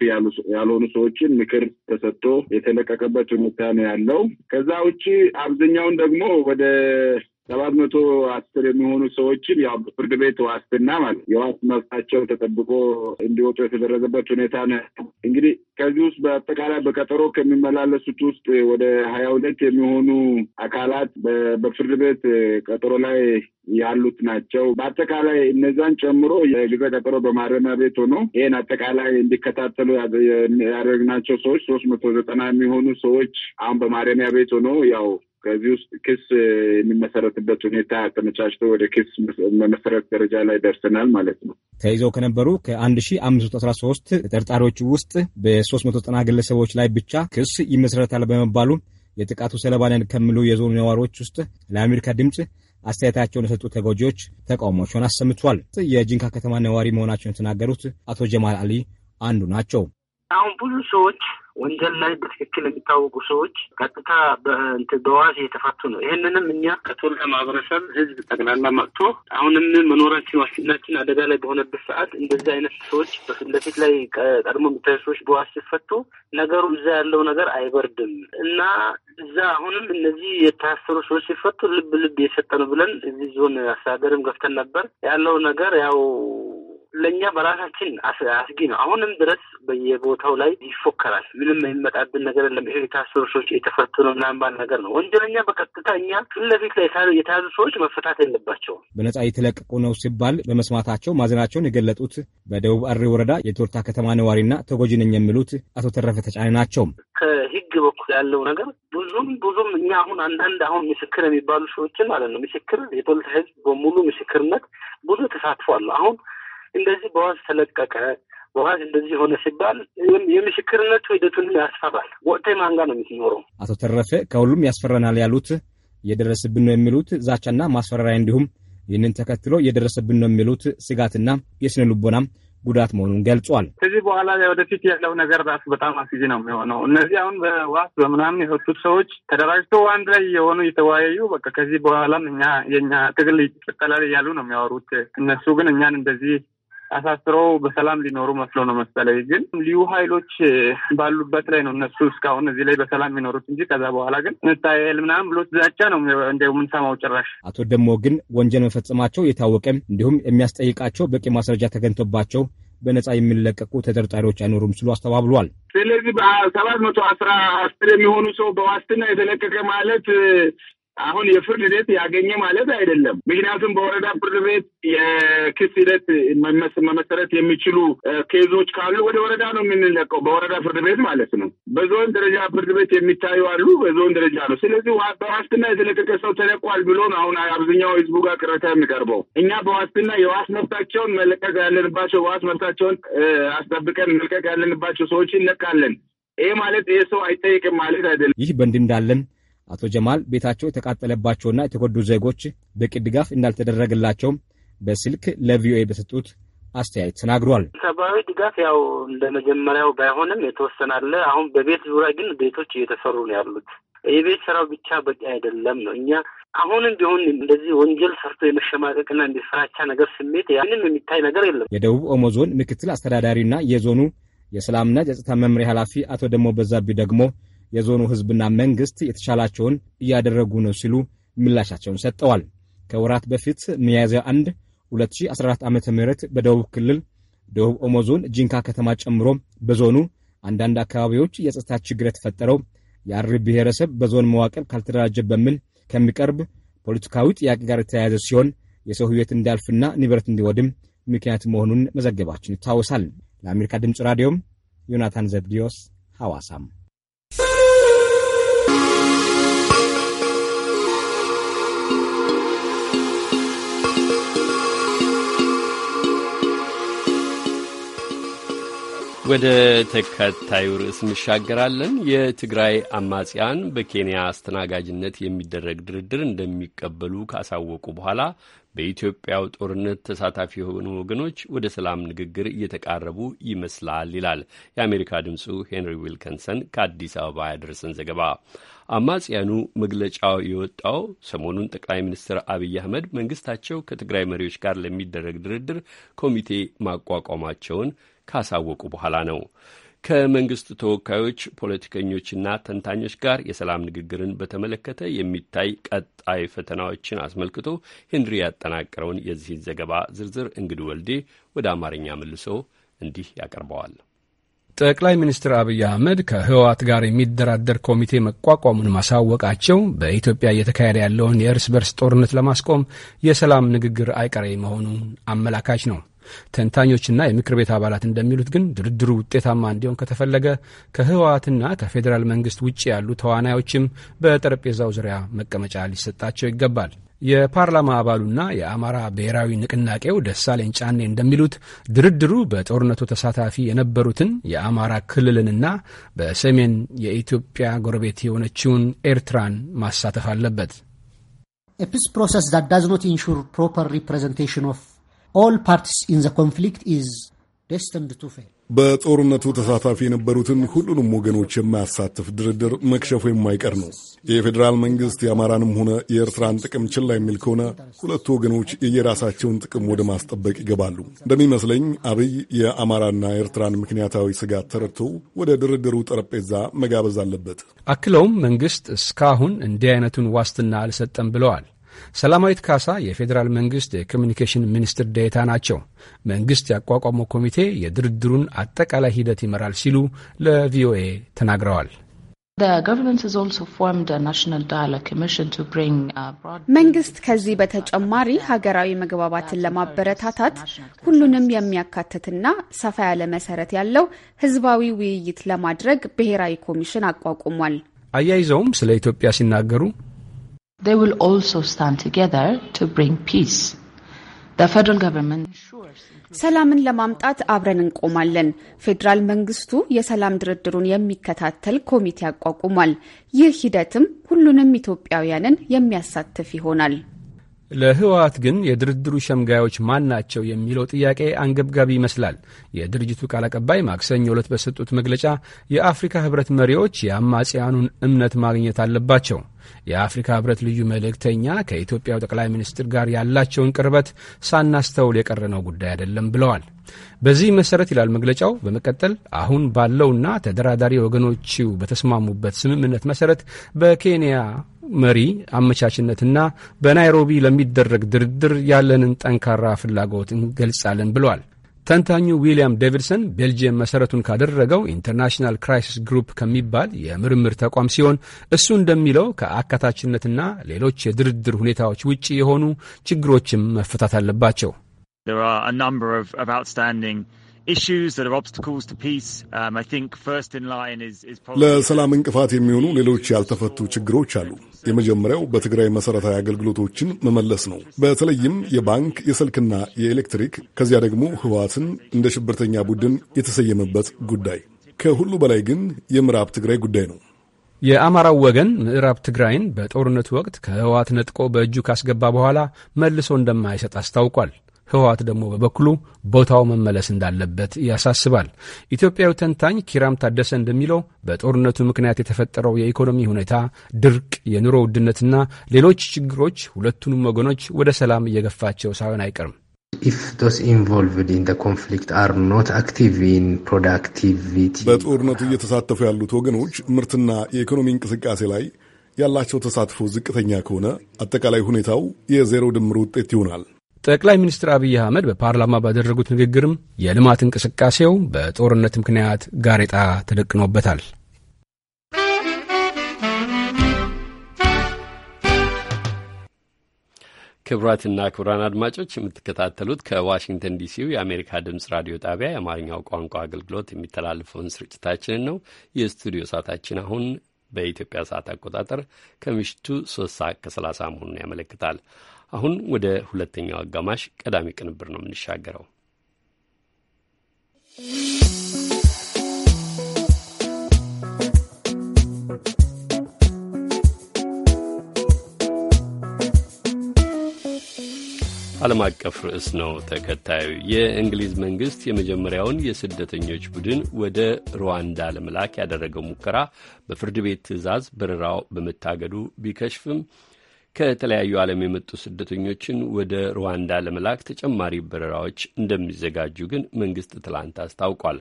ያልሆኑ ሰዎችን ምክር ተሰጥቶ የተለቀቀበት ሁኔታ ነው ያለው። ከዛ ውጭ አብዛኛውን ደግሞ ወደ ሰባት መቶ አስር የሚሆኑ ሰዎችን ያው ፍርድ ቤት ዋስትና ማለት የዋስ መብታቸው ተጠብቆ እንዲወጡ የተደረገበት ሁኔታ ነው። እንግዲህ ከዚህ ውስጥ በአጠቃላይ በቀጠሮ ከሚመላለሱት ውስጥ ወደ ሀያ ሁለት የሚሆኑ አካላት በፍርድ ቤት ቀጠሮ ላይ ያሉት ናቸው። በአጠቃላይ እነዛን ጨምሮ የጊዜ ቀጠሮ በማረሚያ ቤት ሆኖ ይህን አጠቃላይ እንዲከታተሉ ያደረግናቸው ሰዎች ሶስት መቶ ዘጠና የሚሆኑ ሰዎች አሁን በማረሚያ ቤት ሆኖ ያው ከዚህ ውስጥ ክስ የሚመሰረትበት ሁኔታ ተመቻችቶ ወደ ክስ መመሰረት ደረጃ ላይ ደርሰናል ማለት ነው። ተይዘው ከነበሩ ከ1513 ተጠርጣሪዎች ውስጥ በ390 ግለሰቦች ላይ ብቻ ክስ ይመሰረታል በመባሉ የጥቃቱ ሰለባ ነን ከሚሉ የዞኑ ነዋሪዎች ውስጥ ለአሜሪካ ድምፅ አስተያየታቸውን የሰጡ ተጎጂዎች ተቃውሟቸውን አሰምቷል። የጂንካ ከተማ ነዋሪ መሆናቸውን የተናገሩት አቶ ጀማል አሊ አንዱ ናቸው። አሁን ብዙ ሰዎች ወንጀል ላይ በትክክል የሚታወቁ ሰዎች ቀጥታ በዋስ እየተፋቱ ነው። ይህንንም እኛ ከቶላ ማህበረሰብ ህዝብ ጠቅላላ መጥቶ አሁንም መኖራችን ዋስትናችን አደጋ ላይ በሆነበት ሰዓት እንደዚህ አይነት ሰዎች በፊትለፊት ላይ ቀድሞ የሚታዩ ሰዎች በዋስ ሲፈቱ ነገሩ እዛ ያለው ነገር አይበርድም እና እዛ አሁንም እነዚህ የታሰሩ ሰዎች ሲፈቱ ልብ ልብ የሰጠ ነው ብለን እዚህ ዞን አስተዳደርም ገፍተን ነበር ያለው ነገር ያው ለእኛ በራሳችን አስጊ ነው። አሁንም ድረስ በየቦታው ላይ ይፎከራል። ምንም የሚመጣብን ነገር የለም። ይሄ የታሰሩ ሰዎች የተፈቱ ነው ምናምን ባል ነገር ነው። ወንጀለኛ በቀጥታ እኛ ፊት ለፊት ላይ የተያዙ ሰዎች መፈታት የለባቸውም። በነጻ የተለቀቁ ነው ሲባል በመስማታቸው ማዘናቸውን የገለጡት በደቡብ አሪ ወረዳ የቶርታ ከተማ ነዋሪና ተጎጂ ነኝ የሚሉት አቶ ተረፈ ተጫኔ ናቸው። ከህግ በኩል ያለው ነገር ብዙም ብዙም እኛ አሁን አንዳንድ አሁን ምስክር የሚባሉ ሰዎችን ማለት ነው ምስክር የፖለቲካ ህዝብ በሙሉ ምስክርነት ብዙ ተሳትፏል አሁን እንደዚህ በዋስ ተለቀቀ በዋስ እንደዚህ የሆነ ሲባል የምስክርነቱ ሂደቱን ያስፈራል። ወቅታዊ ማንጋ ነው የምትኖረው። አቶ ተረፈ ከሁሉም ያስፈራናል ያሉት የደረሰብን ነው የሚሉት ዛቻና ማስፈራሪያ እንዲሁም ይህንን ተከትሎ የደረሰብን ነው የሚሉት ስጋትና የስነ ልቦናም ጉዳት መሆኑን ገልጿል። ከዚህ በኋላ ወደፊት ያለው ነገር ራሱ በጣም አስጊ ነው የሚሆነው። እነዚህ አሁን በዋስ በምናምን የወጡት ሰዎች ተደራጅተው አንድ ላይ የሆኑ የተወያዩ በቃ ከዚህ በኋላም እኛ የኛ ትግል ይቀጠላል እያሉ ነው የሚያወሩት። እነሱ ግን እኛን እንደዚህ አሳስረው በሰላም ሊኖሩ መስሎ ነው መሰለኝ። ግን ልዩ ኃይሎች ባሉበት ላይ ነው እነሱ እስካሁን እዚህ ላይ በሰላም የሚኖሩት እንጂ ከዛ በኋላ ግን ምታይል ምናምን ብሎ ዛቻ ነው እንደ የምንሰማው ጭራሽ። አቶ ደሞ ግን ወንጀል መፈጸማቸው የታወቀ እንዲሁም የሚያስጠይቃቸው በቂ ማስረጃ ተገኝቶባቸው በነጻ የሚለቀቁ ተጠርጣሪዎች አይኖሩም ሲሉ አስተባብሏል። ስለዚህ በሰባት መቶ አስራ አስር የሚሆኑ ሰው በዋስትና የተለቀቀ ማለት አሁን የፍርድ ቤት ያገኘ ማለት አይደለም። ምክንያቱም በወረዳ ፍርድ ቤት የክስ ሂደት መመሰረት የሚችሉ ኬዞች ካሉ ወደ ወረዳ ነው የምንለቀው፣ በወረዳ ፍርድ ቤት ማለት ነው። በዞን ደረጃ ፍርድ ቤት የሚታዩ አሉ፣ በዞን ደረጃ ነው። ስለዚህ በዋስትና የተለቀቀ ሰው ተለቋል ብሎ ነው አሁን አብዛኛው ህዝቡ ጋር ቅሬታ የሚቀርበው። እኛ በዋስትና የዋስ መብታቸውን መለቀቅ ያለንባቸው በዋስ መብታቸውን አስጠብቀን መልቀቅ ያለንባቸው ሰዎች እንለቃለን። ይህ ማለት ይህ ሰው አይጠየቅም ማለት አይደለም። ይህ በእንዲህ እንዳለን አቶ ጀማል ቤታቸው የተቃጠለባቸውና የተጎዱ ዜጎች በቂ ድጋፍ እንዳልተደረገላቸው በስልክ ለቪኦኤ በሰጡት አስተያየት ተናግሯል። ሰብአዊ ድጋፍ ያው እንደ መጀመሪያው ባይሆንም የተወሰነ አለ። አሁን በቤት ዙሪያ ግን ቤቶች እየተሰሩ ነው ያሉት። የቤት ስራው ብቻ በቂ አይደለም ነው እኛ አሁንም ቢሆን እንደዚህ ወንጀል ሰርቶ የመሸማቀቅና እንዲስራቻ ነገር ስሜት ያንም የሚታይ ነገር የለም። የደቡብ ኦሞ ዞን ምክትል አስተዳዳሪና የዞኑ የሰላምና የጸጥታ መምሪያ ኃላፊ አቶ ደሞ በዛቢ ደግሞ የዞኑ ህዝብና መንግስት የተቻላቸውን እያደረጉ ነው ሲሉ ምላሻቸውን ሰጥተዋል። ከወራት በፊት ሚያዝያ 1 2014 ዓ ም በደቡብ ክልል ደቡብ ኦሞ ዞን ጂንካ ከተማ ጨምሮ በዞኑ አንዳንድ አካባቢዎች የጸጥታ ችግር የተፈጠረው የአሪ ብሔረሰብ በዞን መዋቅር ካልተደራጀ በሚል ከሚቀርብ ፖለቲካዊ ጥያቄ ጋር የተያያዘ ሲሆን የሰው ህይወት እንዳልፍና ንብረት እንዲወድም ምክንያት መሆኑን መዘገባችን ይታወሳል። ለአሜሪካ ድምፅ ራዲዮም ዮናታን ዘብዲዮስ ሐዋሳም ወደ ተከታዩ ርዕስ እንሻገራለን። የትግራይ አማጽያን በኬንያ አስተናጋጅነት የሚደረግ ድርድር እንደሚቀበሉ ካሳወቁ በኋላ በኢትዮጵያው ጦርነት ተሳታፊ የሆኑ ወገኖች ወደ ሰላም ንግግር እየተቃረቡ ይመስላል ይላል የአሜሪካ ድምፁ ሄንሪ ዊልከንሰን ከአዲስ አበባ ያደረሰን ዘገባ። አማጽያኑ መግለጫው የወጣው ሰሞኑን ጠቅላይ ሚኒስትር አብይ አህመድ መንግስታቸው ከትግራይ መሪዎች ጋር ለሚደረግ ድርድር ኮሚቴ ማቋቋማቸውን ካሳወቁ በኋላ ነው። ከመንግስት ተወካዮች ፖለቲከኞችና ተንታኞች ጋር የሰላም ንግግርን በተመለከተ የሚታይ ቀጣይ ፈተናዎችን አስመልክቶ ሄንሪ ያጠናቀረውን የዚህን ዘገባ ዝርዝር እንግድ ወልዴ ወደ አማርኛ መልሶ እንዲህ ያቀርበዋል። ጠቅላይ ሚኒስትር አብይ አህመድ ከህወሓት ጋር የሚደራደር ኮሚቴ መቋቋሙን ማሳወቃቸው በኢትዮጵያ እየተካሄደ ያለውን የእርስ በርስ ጦርነት ለማስቆም የሰላም ንግግር አይቀሬ መሆኑን አመላካች ነው። ተንታኞችና የምክር ቤት አባላት እንደሚሉት ግን ድርድሩ ውጤታማ እንዲሆን ከተፈለገ ከህወሓትና ከፌዴራል መንግስት ውጭ ያሉ ተዋናዮችም በጠረጴዛው ዙሪያ መቀመጫ ሊሰጣቸው ይገባል። የፓርላማ አባሉና የአማራ ብሔራዊ ንቅናቄው ደሳለኝ ጫኔ እንደሚሉት ድርድሩ በጦርነቱ ተሳታፊ የነበሩትን የአማራ ክልልንና በሰሜን የኢትዮጵያ ጎረቤት የሆነችውን ኤርትራን ማሳተፍ አለበት። ኤፒስ ፕሮሰስ ዳት ዳዝ ኖት ኢንሹር ፕሮፐር ሪፕሬዘንቴሽን ኦፍ ኦል ፓርቲስ ኢን ዘ ኮንፍሊክት ኢዝ ቱ ፌል በጦርነቱ ተሳታፊ የነበሩትን ሁሉንም ወገኖች የማያሳትፍ ድርድር መክሸፉ የማይቀር ነው። የፌዴራል መንግስት የአማራንም ሆነ የኤርትራን ጥቅም ችላ የሚል ከሆነ ሁለቱ ወገኖች የየራሳቸውን ጥቅም ወደ ማስጠበቅ ይገባሉ። እንደሚመስለኝ አብይ የአማራና ኤርትራን ምክንያታዊ ስጋት ተረድቶ ወደ ድርድሩ ጠረጴዛ መጋበዝ አለበት። አክለውም መንግስት እስካሁን እንዲህ አይነቱን ዋስትና አልሰጠም ብለዋል። ሰላማዊት ካሳ የፌዴራል መንግሥት የኮሚኒኬሽን ሚኒስትር ዴታ ናቸው። መንግሥት ያቋቋመው ኮሚቴ የድርድሩን አጠቃላይ ሂደት ይመራል ሲሉ ለቪኦኤ ተናግረዋል። uh, መንግስት ከዚህ በተጨማሪ ሀገራዊ መግባባትን ለማበረታታት ሁሉንም የሚያካትትና ሰፋ ያለ መሰረት ያለው ህዝባዊ ውይይት ለማድረግ ብሔራዊ ኮሚሽን አቋቁሟል። አያይዘውም ስለ ኢትዮጵያ ሲናገሩ They will also stand together to bring peace. The federal government ሰላምን ለማምጣት አብረን እንቆማለን። ፌዴራል መንግስቱ የሰላም ድርድሩን የሚከታተል ኮሚቴ አቋቁሟል። ይህ ሂደትም ሁሉንም ኢትዮጵያውያንን የሚያሳትፍ ይሆናል። ለህወሓት ግን የድርድሩ ሸምጋዮች ማን ናቸው የሚለው ጥያቄ አንገብጋቢ ይመስላል። የድርጅቱ ቃል አቀባይ ማክሰኞ ዕለት በሰጡት መግለጫ የአፍሪካ ህብረት መሪዎች የአማጽያኑን እምነት ማግኘት አለባቸው። የአፍሪካ ህብረት ልዩ መልእክተኛ ከኢትዮጵያው ጠቅላይ ሚኒስትር ጋር ያላቸውን ቅርበት ሳናስተውል የቀረነው ጉዳይ አይደለም ብለዋል። በዚህ መሰረት ይላል መግለጫው በመቀጠል አሁን ባለውና ተደራዳሪ ወገኖቹ በተስማሙበት ስምምነት መሰረት በኬንያ መሪ አመቻችነትና በናይሮቢ ለሚደረግ ድርድር ያለንን ጠንካራ ፍላጎት እንገልጻለን ብለዋል። ተንታኙ ዊልያም ዴቪድሰን ቤልጅየም መሠረቱን ካደረገው ኢንተርናሽናል ክራይሲስ ግሩፕ ከሚባል የምርምር ተቋም ሲሆን እሱ እንደሚለው ከአካታችነትና ሌሎች የድርድር ሁኔታዎች ውጭ የሆኑ ችግሮችም መፈታት አለባቸው። Um, ለሰላም እንቅፋት የሚሆኑ ሌሎች ያልተፈቱ ችግሮች አሉ። የመጀመሪያው በትግራይ መሠረታዊ አገልግሎቶችን መመለስ ነው። በተለይም የባንክ የስልክና የኤሌክትሪክ፣ ከዚያ ደግሞ ህወሓትን እንደ ሽብርተኛ ቡድን የተሰየመበት ጉዳይ። ከሁሉ በላይ ግን የምዕራብ ትግራይ ጉዳይ ነው። የአማራው ወገን ምዕራብ ትግራይን በጦርነቱ ወቅት ከህወሓት ነጥቆ በእጁ ካስገባ በኋላ መልሶ እንደማይሰጥ አስታውቋል። ህወሓት ደግሞ በበኩሉ ቦታው መመለስ እንዳለበት ያሳስባል። ኢትዮጵያዊ ተንታኝ ኪራም ታደሰ እንደሚለው በጦርነቱ ምክንያት የተፈጠረው የኢኮኖሚ ሁኔታ፣ ድርቅ፣ የኑሮ ውድነትና ሌሎች ችግሮች ሁለቱንም ወገኖች ወደ ሰላም እየገፋቸው ሳይሆን አይቀርም። በጦርነቱ እየተሳተፉ ያሉት ወገኖች ምርትና የኢኮኖሚ እንቅስቃሴ ላይ ያላቸው ተሳትፎ ዝቅተኛ ከሆነ አጠቃላይ ሁኔታው የዜሮ ድምር ውጤት ይሆናል። ጠቅላይ ሚኒስትር አብይ አህመድ በፓርላማ ባደረጉት ንግግርም የልማት እንቅስቃሴው በጦርነት ምክንያት ጋሬጣ ተደቅኖበታል። ክቡራትና ክቡራን አድማጮች የምትከታተሉት ከዋሽንግተን ዲሲው የአሜሪካ ድምጽ ራዲዮ ጣቢያ የአማርኛው ቋንቋ አገልግሎት የሚተላለፈውን ስርጭታችንን ነው። የስቱዲዮ ሰዓታችን አሁን በኢትዮጵያ ሰዓት አቆጣጠር ከምሽቱ ሶስት ሰዓት ከሰላሳ መሆኑን ያመለክታል። አሁን ወደ ሁለተኛው አጋማሽ ቀዳሚ ቅንብር ነው የምንሻገረው። ዓለም አቀፍ ርዕስ ነው ተከታዩ። የእንግሊዝ መንግሥት የመጀመሪያውን የስደተኞች ቡድን ወደ ሩዋንዳ ለመላክ ያደረገው ሙከራ በፍርድ ቤት ትዕዛዝ በረራው በመታገዱ ቢከሽፍም ከተለያዩ ዓለም የመጡ ስደተኞችን ወደ ሩዋንዳ ለመላክ ተጨማሪ በረራዎች እንደሚዘጋጁ ግን መንግስት ትላንት አስታውቋል።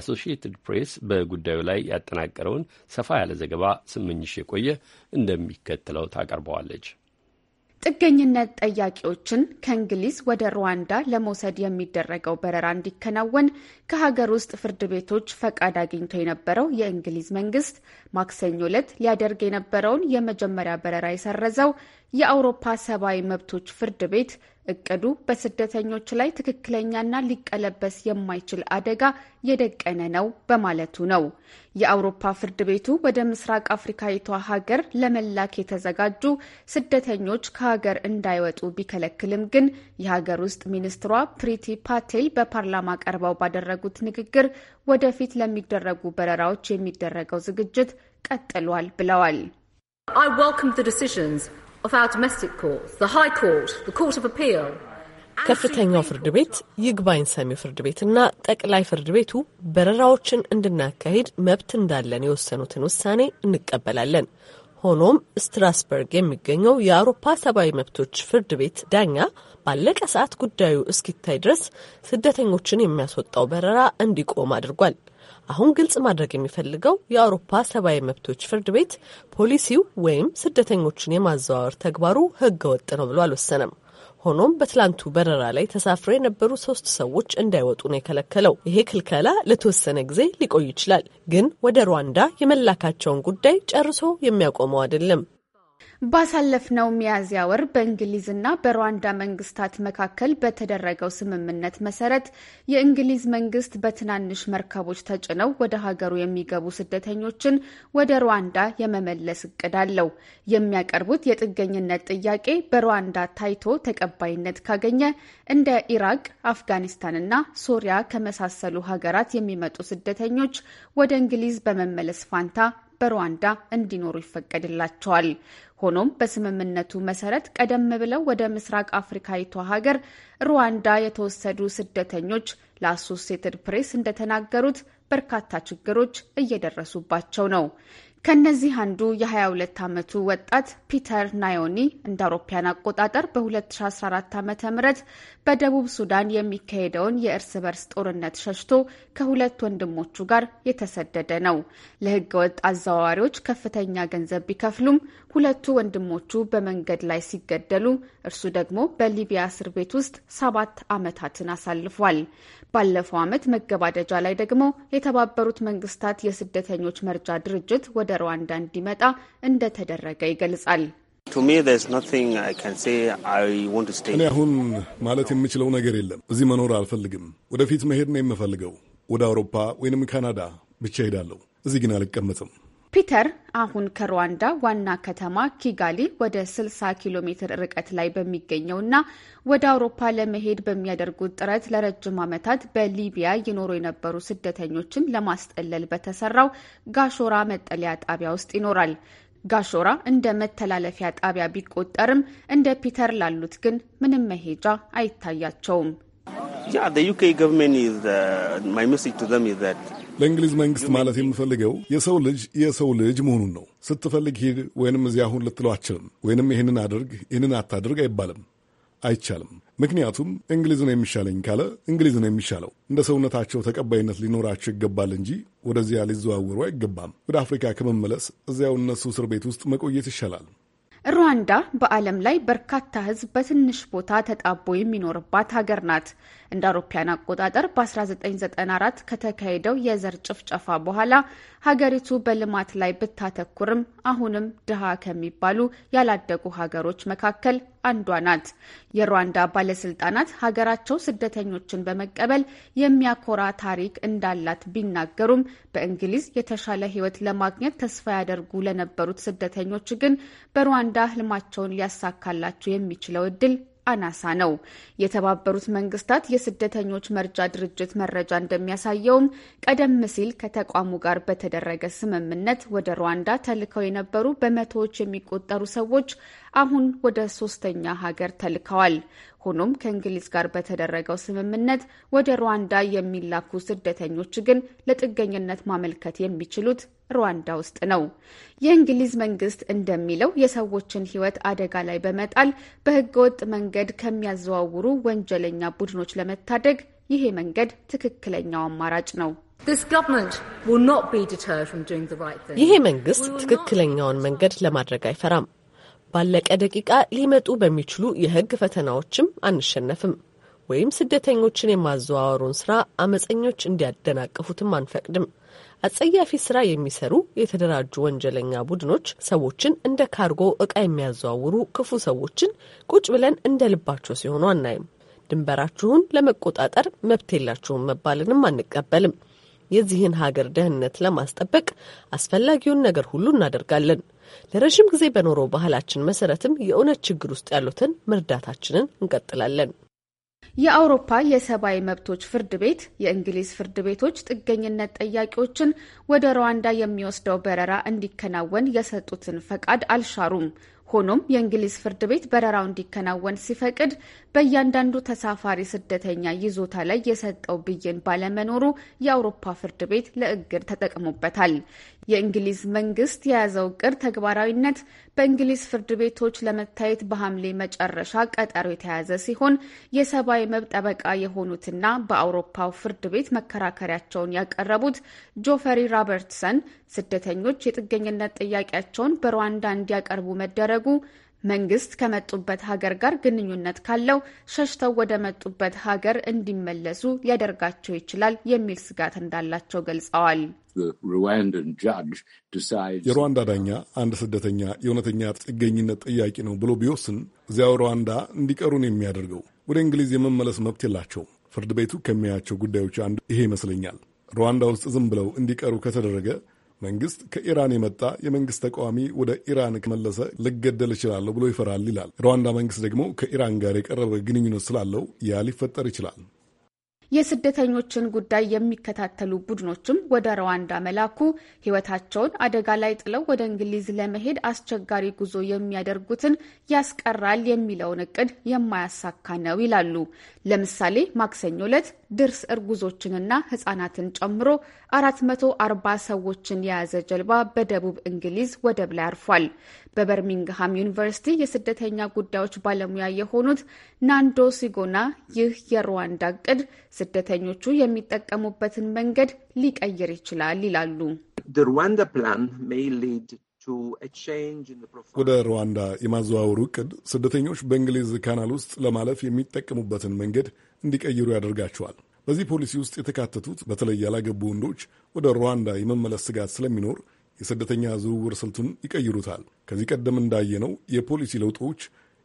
አሶሺየትድ ፕሬስ በጉዳዩ ላይ ያጠናቀረውን ሰፋ ያለ ዘገባ ስምኝሽ የቆየ እንደሚከተለው ታቀርበዋለች። ጥገኝነት ጠያቂዎችን ከእንግሊዝ ወደ ሩዋንዳ ለመውሰድ የሚደረገው በረራ እንዲከናወን ከሀገር ውስጥ ፍርድ ቤቶች ፈቃድ አግኝቶ የነበረው የእንግሊዝ መንግስት ማክሰኞ ዕለት ሊያደርግ የነበረውን የመጀመሪያ በረራ የሰረዘው የአውሮፓ ሰብአዊ መብቶች ፍርድ ቤት እቅዱ በስደተኞች ላይ ትክክለኛና ሊቀለበስ የማይችል አደጋ የደቀነ ነው በማለቱ ነው። የአውሮፓ ፍርድ ቤቱ ወደ ምስራቅ አፍሪካዊቷ ሀገር ለመላክ የተዘጋጁ ስደተኞች ከሀገር እንዳይወጡ ቢከለክልም ግን የሀገር ውስጥ ሚኒስትሯ ፕሪቲ ፓቴል በፓርላማ ቀርበው ባደረጉት ንግግር ወደፊት ለሚደረጉ በረራዎች የሚደረገው ዝግጅት ቀጥሏል ብለዋል። I welcome the decisions ከፍተኛው ፍርድ ቤት፣ ይግባኝ ሰሚ ፍርድ ቤትና ጠቅላይ ፍርድ ቤቱ በረራዎችን እንድናካሄድ መብት እንዳለን የወሰኑትን ውሳኔ እንቀበላለን። ሆኖም ስትራስበርግ የሚገኘው የአውሮፓ ሰብአዊ መብቶች ፍርድ ቤት ዳኛ ባለቀ ሰዓት ጉዳዩ እስኪታይ ድረስ ስደተኞችን የሚያስወጣው በረራ እንዲቆም አድርጓል። አሁን ግልጽ ማድረግ የሚፈልገው የአውሮፓ ሰብአዊ መብቶች ፍርድ ቤት ፖሊሲው ወይም ስደተኞችን የማዘዋወር ተግባሩ ህገ ወጥ ነው ብሎ አልወሰነም። ሆኖም በትላንቱ በረራ ላይ ተሳፍረው የነበሩ ሶስት ሰዎች እንዳይወጡ ነው የከለከለው። ይሄ ክልከላ ለተወሰነ ጊዜ ሊቆይ ይችላል፣ ግን ወደ ሩዋንዳ የመላካቸውን ጉዳይ ጨርሶ የሚያቆመው አይደለም። ባሳለፍነው ሚያዝያ ወር በእንግሊዝና በሩዋንዳ መንግስታት መካከል በተደረገው ስምምነት መሰረት የእንግሊዝ መንግስት በትናንሽ መርከቦች ተጭነው ወደ ሀገሩ የሚገቡ ስደተኞችን ወደ ሩዋንዳ የመመለስ እቅድ አለው። የሚያቀርቡት የጥገኝነት ጥያቄ በሩዋንዳ ታይቶ ተቀባይነት ካገኘ እንደ ኢራቅ፣ አፍጋኒስታንና ሶሪያ ከመሳሰሉ ሀገራት የሚመጡ ስደተኞች ወደ እንግሊዝ በመመለስ ፋንታ በሩዋንዳ እንዲኖሩ ይፈቀድላቸዋል። ሆኖም በስምምነቱ መሰረት ቀደም ብለው ወደ ምስራቅ አፍሪካዊቷ ሀገር ሩዋንዳ የተወሰዱ ስደተኞች ለአሶሴትድ ፕሬስ እንደተናገሩት በርካታ ችግሮች እየደረሱባቸው ነው። ከነዚህ አንዱ የ22 ዓመቱ ወጣት ፒተር ናዮኒ እንደ አውሮፓያን አቆጣጠር በ2014 ዓ ም በደቡብ ሱዳን የሚካሄደውን የእርስ በርስ ጦርነት ሸሽቶ ከሁለት ወንድሞቹ ጋር የተሰደደ ነው። ለህገወጥ አዘዋዋሪዎች ከፍተኛ ገንዘብ ቢከፍሉም ሁለቱ ወንድሞቹ በመንገድ ላይ ሲገደሉ፣ እርሱ ደግሞ በሊቢያ እስር ቤት ውስጥ ሰባት ዓመታትን አሳልፏል። ባለፈው ዓመት መገባደጃ ላይ ደግሞ የተባበሩት መንግስታት የስደተኞች መርጃ ድርጅት ወደ ሩዋንዳ እንዲመጣ እንደተደረገ ይገልጻል። እኔ አሁን ማለት የምችለው ነገር የለም። እዚህ መኖር አልፈልግም። ወደፊት መሄድ ነው የምፈልገው። ወደ አውሮፓ ወይንም ካናዳ ብቻ ሄዳለሁ። እዚህ ግን አልቀመጥም። ፒተር አሁን ከሩዋንዳ ዋና ከተማ ኪጋሊ ወደ 60 ኪሎ ሜትር ርቀት ላይ በሚገኘውና ወደ አውሮፓ ለመሄድ በሚያደርጉት ጥረት ለረጅም ዓመታት በሊቢያ ይኖሩ የነበሩ ስደተኞችን ለማስጠለል በተሰራው ጋሾራ መጠለያ ጣቢያ ውስጥ ይኖራል። ጋሾራ እንደ መተላለፊያ ጣቢያ ቢቆጠርም እንደ ፒተር ላሉት ግን ምንም መሄጃ አይታያቸውም። ለእንግሊዝ መንግስት ማለት የምፈልገው የሰው ልጅ የሰው ልጅ መሆኑን ነው። ስትፈልግ ሂድ ወይንም እዚያ አሁን ልትለው አችልም። ወይንም ይህንን አድርግ ይህንን አታድርግ አይባልም፣ አይቻልም። ምክንያቱም እንግሊዝ ነው የሚሻለኝ ካለ እንግሊዝ ነው የሚሻለው። እንደ ሰውነታቸው ተቀባይነት ሊኖራቸው ይገባል እንጂ ወደዚያ ሊዘዋወሩ አይገባም። ወደ አፍሪካ ከመመለስ እዚያው እነሱ እስር ቤት ውስጥ መቆየት ይሻላል። ሩዋንዳ በዓለም ላይ በርካታ ሕዝብ በትንሽ ቦታ ተጣቦ የሚኖርባት ሀገር ናት። እንደ አውሮፓያን አቆጣጠር በ1994 ከተካሄደው የዘር ጭፍጨፋ በኋላ ሀገሪቱ በልማት ላይ ብታተኩርም አሁንም ድሃ ከሚባሉ ያላደጉ ሀገሮች መካከል አንዷ ናት። የሩዋንዳ ባለስልጣናት ሀገራቸው ስደተኞችን በመቀበል የሚያኮራ ታሪክ እንዳላት ቢናገሩም በእንግሊዝ የተሻለ ሕይወት ለማግኘት ተስፋ ያደርጉ ለነበሩት ስደተኞች ግን በሩዋንዳ ህልማቸውን ሊያሳካላቸው የሚችለው እድል አናሳ ነው። የተባበሩት መንግስታት የስደተኞች መርጃ ድርጅት መረጃ እንደሚያሳየውም ቀደም ሲል ከተቋሙ ጋር በተደረገ ስምምነት ወደ ሩዋንዳ ተልከው የነበሩ በመቶዎች የሚቆጠሩ ሰዎች አሁን ወደ ሶስተኛ ሀገር ተልከዋል። ሆኖም ከእንግሊዝ ጋር በተደረገው ስምምነት ወደ ሩዋንዳ የሚላኩ ስደተኞች ግን ለጥገኝነት ማመልከት የሚችሉት ሩዋንዳ ውስጥ ነው። የእንግሊዝ መንግስት እንደሚለው የሰዎችን ሕይወት አደጋ ላይ በመጣል በህገወጥ መንገድ ከሚያዘዋውሩ ወንጀለኛ ቡድኖች ለመታደግ ይሄ መንገድ ትክክለኛው አማራጭ ነው። ይሄ መንግስት ትክክለኛውን መንገድ ለማድረግ አይፈራም። ባለቀ ደቂቃ ሊመጡ በሚችሉ የህግ ፈተናዎችም አንሸነፍም ወይም ስደተኞችን የማዘዋወሩን ስራ አመፀኞች እንዲያደናቅፉትም አንፈቅድም። አጸያፊ ስራ የሚሰሩ የተደራጁ ወንጀለኛ ቡድኖች ሰዎችን እንደ ካርጎ እቃ የሚያዘዋውሩ ክፉ ሰዎችን ቁጭ ብለን እንደ ልባቸው ሲሆኑ አናይም። ድንበራችሁን ለመቆጣጠር መብት የላችሁም መባልንም አንቀበልም። የዚህን ሀገር ደህንነት ለማስጠበቅ አስፈላጊውን ነገር ሁሉ እናደርጋለን። ለረዥም ጊዜ በኖረው ባህላችን መሰረትም የእውነት ችግር ውስጥ ያሉትን መርዳታችንን እንቀጥላለን። የአውሮፓ የሰብአዊ መብቶች ፍርድ ቤት የእንግሊዝ ፍርድ ቤቶች ጥገኝነት ጠያቂዎችን ወደ ሩዋንዳ የሚወስደው በረራ እንዲከናወን የሰጡትን ፈቃድ አልሻሩም። ሆኖም የእንግሊዝ ፍርድ ቤት በረራው እንዲከናወን ሲፈቅድ በእያንዳንዱ ተሳፋሪ ስደተኛ ይዞታ ላይ የሰጠው ብይን ባለመኖሩ የአውሮፓ ፍርድ ቤት ለእግድ ተጠቅሞበታል። የእንግሊዝ መንግስት የያዘው እቅድ ተግባራዊነት በእንግሊዝ ፍርድ ቤቶች ለመታየት በሐምሌ መጨረሻ ቀጠሮ የተያዘ ሲሆን የሰብአዊ መብት ጠበቃ የሆኑትና በአውሮፓው ፍርድ ቤት መከራከሪያቸውን ያቀረቡት ጆፈሪ ሮበርትሰን ስደተኞች የጥገኝነት ጥያቄያቸውን በሩዋንዳ እንዲያቀርቡ መደረጉ መንግስት ከመጡበት ሀገር ጋር ግንኙነት ካለው ሸሽተው ወደ መጡበት ሀገር እንዲመለሱ ሊያደርጋቸው ይችላል የሚል ስጋት እንዳላቸው ገልጸዋል። የሩዋንዳ ዳኛ አንድ ስደተኛ የእውነተኛ ጥገኝነት ጥያቄ ነው ብሎ ቢወስን እዚያው ሩዋንዳ እንዲቀሩን የሚያደርገው ወደ እንግሊዝ የመመለስ መብት የላቸው ፍርድ ቤቱ ከሚያያቸው ጉዳዮች አንዱ ይሄ ይመስለኛል። ሩዋንዳ ውስጥ ዝም ብለው እንዲቀሩ ከተደረገ መንግስት ከኢራን የመጣ የመንግስት ተቃዋሚ ወደ ኢራን ከመለሰ ልገደል እችላለሁ ብሎ ይፈራል ይላል። ሩዋንዳ መንግስት ደግሞ ከኢራን ጋር የቀረበ ግንኙነት ስላለው ያ ሊፈጠር ይችላል። የስደተኞችን ጉዳይ የሚከታተሉ ቡድኖችም ወደ ሩዋንዳ መላኩ ሕይወታቸውን አደጋ ላይ ጥለው ወደ እንግሊዝ ለመሄድ አስቸጋሪ ጉዞ የሚያደርጉትን ያስቀራል የሚለውን እቅድ የማያሳካ ነው ይላሉ። ለምሳሌ ማክሰኞ ዕለት ድርስ እርጉዞችንና ሕጻናትን ጨምሮ 440 ሰዎችን የያዘ ጀልባ በደቡብ እንግሊዝ ወደብ ላይ አርፏል። በበርሚንግሃም ዩኒቨርሲቲ የስደተኛ ጉዳዮች ባለሙያ የሆኑት ናንዶ ሲጎና ይህ የሩዋንዳ እቅድ ስደተኞቹ የሚጠቀሙበትን መንገድ ሊቀይር ይችላል ይላሉ። ወደ ሩዋንዳ የማዘዋወሩ እቅድ ስደተኞች በእንግሊዝ ካናል ውስጥ ለማለፍ የሚጠቀሙበትን መንገድ እንዲቀይሩ ያደርጋቸዋል። በዚህ ፖሊሲ ውስጥ የተካተቱት በተለይ ያላገቡ ወንዶች ወደ ሩዋንዳ የመመለስ ስጋት ስለሚኖር የስደተኛ ዝውውር ስልቱን ይቀይሩታል። ከዚህ ቀደም እንዳየነው የፖሊሲ ለውጦች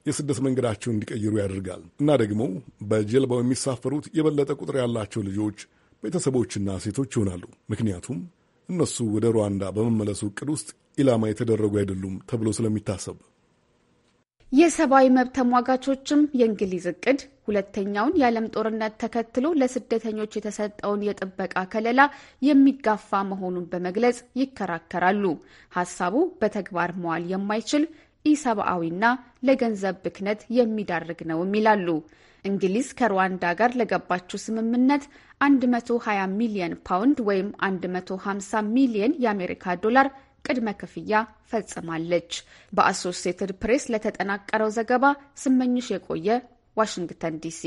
የስደት መንገዳቸውን እንዲቀይሩ ያደርጋል እና ደግሞ በጀልባው የሚሳፈሩት የበለጠ ቁጥር ያላቸው ልጆች፣ ቤተሰቦችና ሴቶች ይሆናሉ። ምክንያቱም እነሱ ወደ ሩዋንዳ በመመለሱ እቅድ ውስጥ ኢላማ የተደረጉ አይደሉም ተብሎ ስለሚታሰብ የሰብአዊ መብት ተሟጋቾችም የእንግሊዝ እቅድ ሁለተኛውን የዓለም ጦርነት ተከትሎ ለስደተኞች የተሰጠውን የጥበቃ ከለላ የሚጋፋ መሆኑን በመግለጽ ይከራከራሉ። ሀሳቡ በተግባር መዋል የማይችል ኢሰብአዊና ለገንዘብ ብክነት የሚዳርግ ነውም ይላሉ። እንግሊዝ ከሩዋንዳ ጋር ለገባችው ስምምነት 120 ሚሊየን ፓውንድ ወይም 150 ሚሊየን የአሜሪካ ዶላር ቅድመ ክፍያ ፈጽማለች። በአሶሴትድ ፕሬስ ለተጠናቀረው ዘገባ ስመኝሽ የቆየ ዋሽንግተን ዲሲ።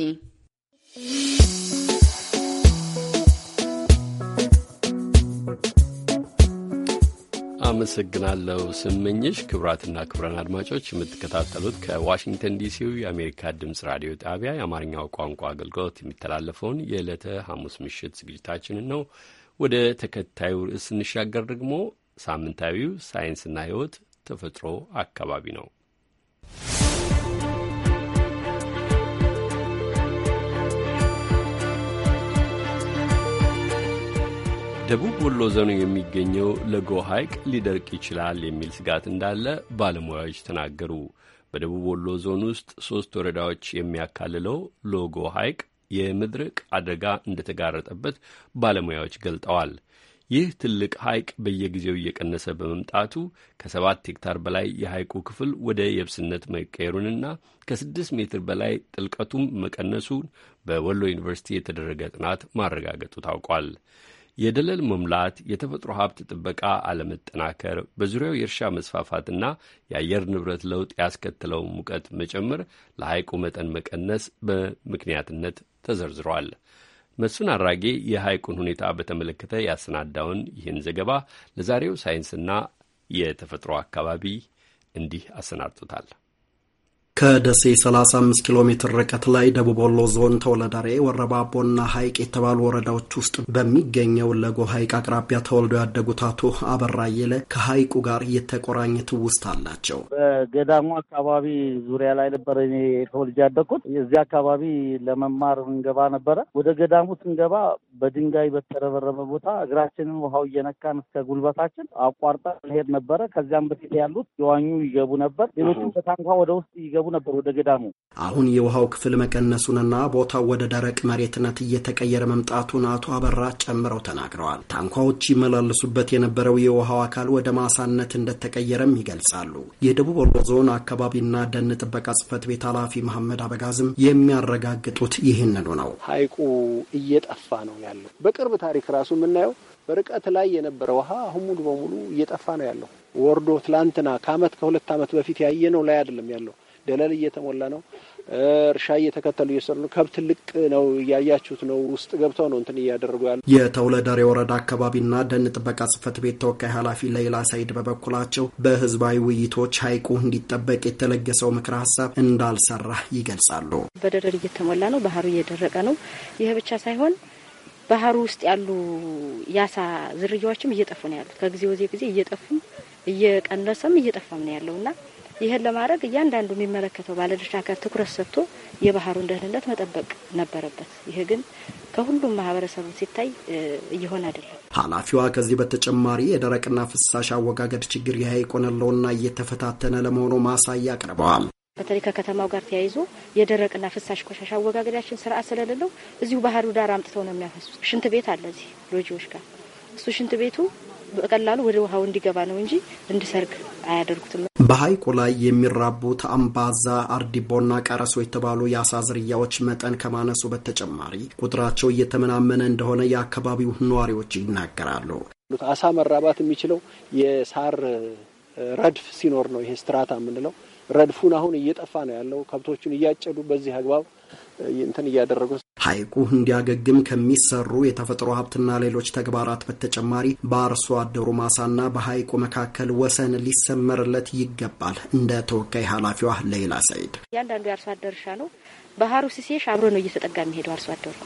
አመሰግናለሁ ስመኝሽ። ክቡራትና ክቡራን አድማጮች የምትከታተሉት ከዋሽንግተን ዲሲው የአሜሪካ ድምፅ ራዲዮ ጣቢያ የአማርኛው ቋንቋ አገልግሎት የሚተላለፈውን የዕለተ ሐሙስ ምሽት ዝግጅታችንን ነው። ወደ ተከታዩ ርዕስ ስንሻገር ደግሞ ሳምንታዊው ሳይንስና ሕይወት ተፈጥሮ አካባቢ ነው። ደቡብ ወሎ ዞን የሚገኘው ለጎ ሐይቅ ሊደርቅ ይችላል የሚል ስጋት እንዳለ ባለሙያዎች ተናገሩ። በደቡብ ወሎ ዞን ውስጥ ሶስት ወረዳዎች የሚያካልለው ሎጎ ሐይቅ የመድረቅ አደጋ እንደተጋረጠበት ባለሙያዎች ገልጠዋል። ይህ ትልቅ ሐይቅ በየጊዜው እየቀነሰ በመምጣቱ ከሰባት ሄክታር በላይ የሐይቁ ክፍል ወደ የብስነት መቀየሩንና ከስድስት ሜትር በላይ ጥልቀቱም መቀነሱን በወሎ ዩኒቨርሲቲ የተደረገ ጥናት ማረጋገጡ ታውቋል። የደለል መሙላት፣ የተፈጥሮ ሀብት ጥበቃ አለመጠናከር፣ በዙሪያው የእርሻ መስፋፋትና የአየር ንብረት ለውጥ ያስከትለው ሙቀት መጨመር፣ ለሐይቁ መጠን መቀነስ በምክንያትነት ተዘርዝሯል። መስፍን አራጌ የሐይቁን ሁኔታ በተመለከተ ያሰናዳውን ይህን ዘገባ ለዛሬው ሳይንስና የተፈጥሮ አካባቢ እንዲህ አሰናድቶታል። ከደሴ 35 ኪሎ ሜትር ርቀት ላይ ደቡብ ወሎ ዞን ተወለዳሬ ወረባቦና ሀይቅ የተባሉ ወረዳዎች ውስጥ በሚገኘው ለጎ ሀይቅ አቅራቢያ ተወልደው ያደጉት አቶ አበራ አየለ ከሀይቁ ጋር የተቆራኘ ትውስት አላቸው። በገዳሙ አካባቢ ዙሪያ ላይ ነበር እኔ ተወልጄ ያደግኩት። የዚህ አካባቢ ለመማር እንገባ ነበረ። ወደ ገዳሙ ስንገባ በድንጋይ በተረበረበ ቦታ እግራችንን ውሃው እየነካን እስከ ጉልበታችን አቋርጠ መሄድ ነበረ። ከዚያም በፊት ያሉት የዋኙ ይገቡ ነበር። ሌሎችም በታንኳ ወደ ውስጥ ይገቡ ይሳቡ ነበር ወደ ገዳሙ። አሁን የውሃው ክፍል መቀነሱንና ቦታው ወደ ደረቅ መሬትነት እየተቀየረ መምጣቱን አቶ አበራ ጨምረው ተናግረዋል። ታንኳዎች ይመላለሱበት የነበረው የውሃው አካል ወደ ማሳነት እንደተቀየረም ይገልጻሉ። የደቡብ ወሎ ዞን አካባቢና ደን ጥበቃ ጽህፈት ቤት ኃላፊ መሐመድ አበጋዝም የሚያረጋግጡት ይህንኑ ነው። ሀይቁ እየጠፋ ነው ያለው። በቅርብ ታሪክ ራሱ የምናየው በርቀት ላይ የነበረ ውሃ አሁን ሙሉ በሙሉ እየጠፋ ነው ያለው። ወርዶ ትላንትና ከአመት ከሁለት አመት በፊት ያየነው ላይ አይደለም ያለው ደለል እየተሞላ ነው። እርሻ እየተከተሉ እየሰሩ ነው። ከብት ልቅ ነው እያያችሁት ነው። ውስጥ ገብተው ነው እንትን እያደረጉ ያለ የተውለደሬ ወረዳ አካባቢና ደን ጥበቃ ጽሕፈት ቤት ተወካይ ኃላፊ ለይላ ሳይድ በበኩላቸው በህዝባዊ ውይይቶች ሀይቁ እንዲጠበቅ የተለገሰው ምክረ ሀሳብ እንዳልሰራ ይገልጻሉ። በደለል እየተሞላ ነው። ባህሩ እየደረቀ ነው። ይህ ብቻ ሳይሆን ባህሩ ውስጥ ያሉ ያሳ ዝርያዎችም እየጠፉ ነው ያሉት። ከጊዜ ወዜ ጊዜ እየጠፉም እየቀነሰም እየጠፋም ነው ያለውና ይህን ለማድረግ እያንዳንዱ የሚመለከተው ባለድርሻ አካል ትኩረት ሰጥቶ የባህሩን ደህንነት መጠበቅ ነበረበት። ይህ ግን ከሁሉም ማህበረሰቡ ሲታይ እየሆነ አይደለም። ኃላፊዋ ከዚህ በተጨማሪ የደረቅና ፍሳሽ አወጋገድ ችግር የሀይቆነለውና እየተፈታተነ ለመሆኑ ማሳያ አቅርበዋል። በተለይ ከከተማው ጋር ተያይዞ የደረቅና ፍሳሽ ቆሻሻ አወጋገዳችን ስርዓት ስለሌለው እዚሁ ባህሩ ዳር አምጥተው ነው የሚያፈሱ ሽንት ቤት አለ እዚህ ሎጂዎች ጋር እሱ ሽንት ቤቱ በቀላሉ ወደ ውሃው እንዲገባ ነው እንጂ እንዲሰርግ አያደርጉትም። በሐይቁ ላይ የሚራቡት አምባዛ፣ አርዲቦና ቀረሶ የተባሉ የአሳ ዝርያዎች መጠን ከማነሱ በተጨማሪ ቁጥራቸው እየተመናመነ እንደሆነ የአካባቢው ነዋሪዎች ይናገራሉ። አሳ መራባት የሚችለው የሳር ረድፍ ሲኖር ነው። ይሄ ስትራታ የምንለው ረድፉን አሁን እየጠፋ ነው ያለው። ከብቶቹን እያጨዱ በዚህ አግባብ እንትን እያደረጉ ሐይቁ እንዲያገግም ከሚሰሩ የተፈጥሮ ሀብትና ሌሎች ተግባራት በተጨማሪ በአርሶ አደሩ ማሳና በሐይቁ መካከል ወሰን ሊሰመርለት ይገባል። እንደ ተወካይ ኃላፊዋ ሌላ ሰይድ እያንዳንዱ የአርሶ አደር እርሻ ነው። ባህሩ ሲሴሽ አብሮ ነው እየተጠጋ የሚሄደው አርሶ አደሩ።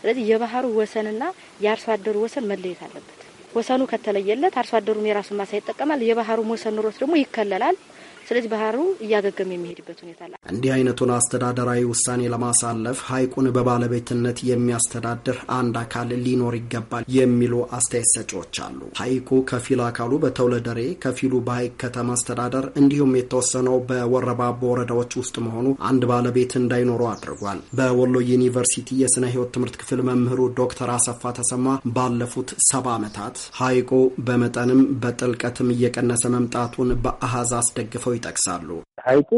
ስለዚህ የባህሩ ወሰንና የአርሶ አደሩ ወሰን መለየት አለበት። ወሰኑ ከተለየለት አርሶ አደሩም የራሱን ማሳ ይጠቀማል። የባህሩ ወሰን ኑሮት ደግሞ ይከለላል። ስለዚህ ባህሩ እያገገም የሚሄድበት ሁኔታ አለ። እንዲህ አይነቱን አስተዳደራዊ ውሳኔ ለማሳለፍ ሀይቁን በባለቤትነት የሚያስተዳድር አንድ አካል ሊኖር ይገባል የሚሉ አስተያየት ሰጪዎች አሉ። ሀይቁ ከፊል አካሉ በተውለደሬ ከፊሉ በሀይቅ ከተማ አስተዳደር እንዲሁም የተወሰነው በወረባቦ ወረዳዎች ውስጥ መሆኑ አንድ ባለቤት እንዳይኖረው አድርጓል። በወሎ ዩኒቨርሲቲ የስነ ህይወት ትምህርት ክፍል መምህሩ ዶክተር አሰፋ ተሰማ ባለፉት ሰባ ዓመታት ሀይቁ በመጠንም በጥልቀትም እየቀነሰ መምጣቱን በአሃዝ አስደግፈው ይጠቅሳሉ። ሀይቁ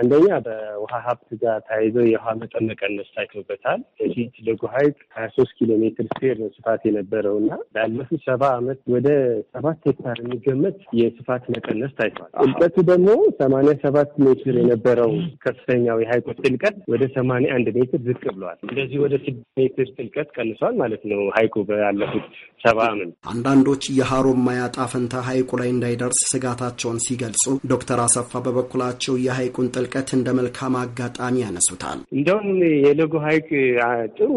አንደኛ በውሃ ሀብት ጋር ተያይዞ የውሃ መጠን መቀነስ ታይቶበታል። በፊት ደጉ ሀይቅ ሀያ ሶስት ኪሎ ሜትር ስፌር ነው ስፋት የነበረው እና ባለፉት ሰባ ዓመት ወደ ሰባት ሄክታር የሚገመት የስፋት መቀነስ ታይቷል። ጥልቀቱ ደግሞ ሰማኒያ ሰባት ሜትር የነበረው ከፍተኛው የሀይቁ ጥልቀት ወደ ሰማኒያ አንድ ሜትር ዝቅ ብሏል። እንደዚህ ወደ ስድስት ሜትር ጥልቀት ቀንሷል ማለት ነው ሀይቁ ባለፉት ሰባ ዓመት። አንዳንዶች የሀሮማያ ጣፈንታ ሀይቁ ላይ እንዳይደርስ ስጋታቸውን ሲገልጹ፣ ዶክተር አሰፋ በበኩላቸው የሀይቁን ጥልቀት ጥልቀት እንደ መልካም አጋጣሚ ያነሱታል። እንደውም የሎጎ ሀይቅ ጥሩ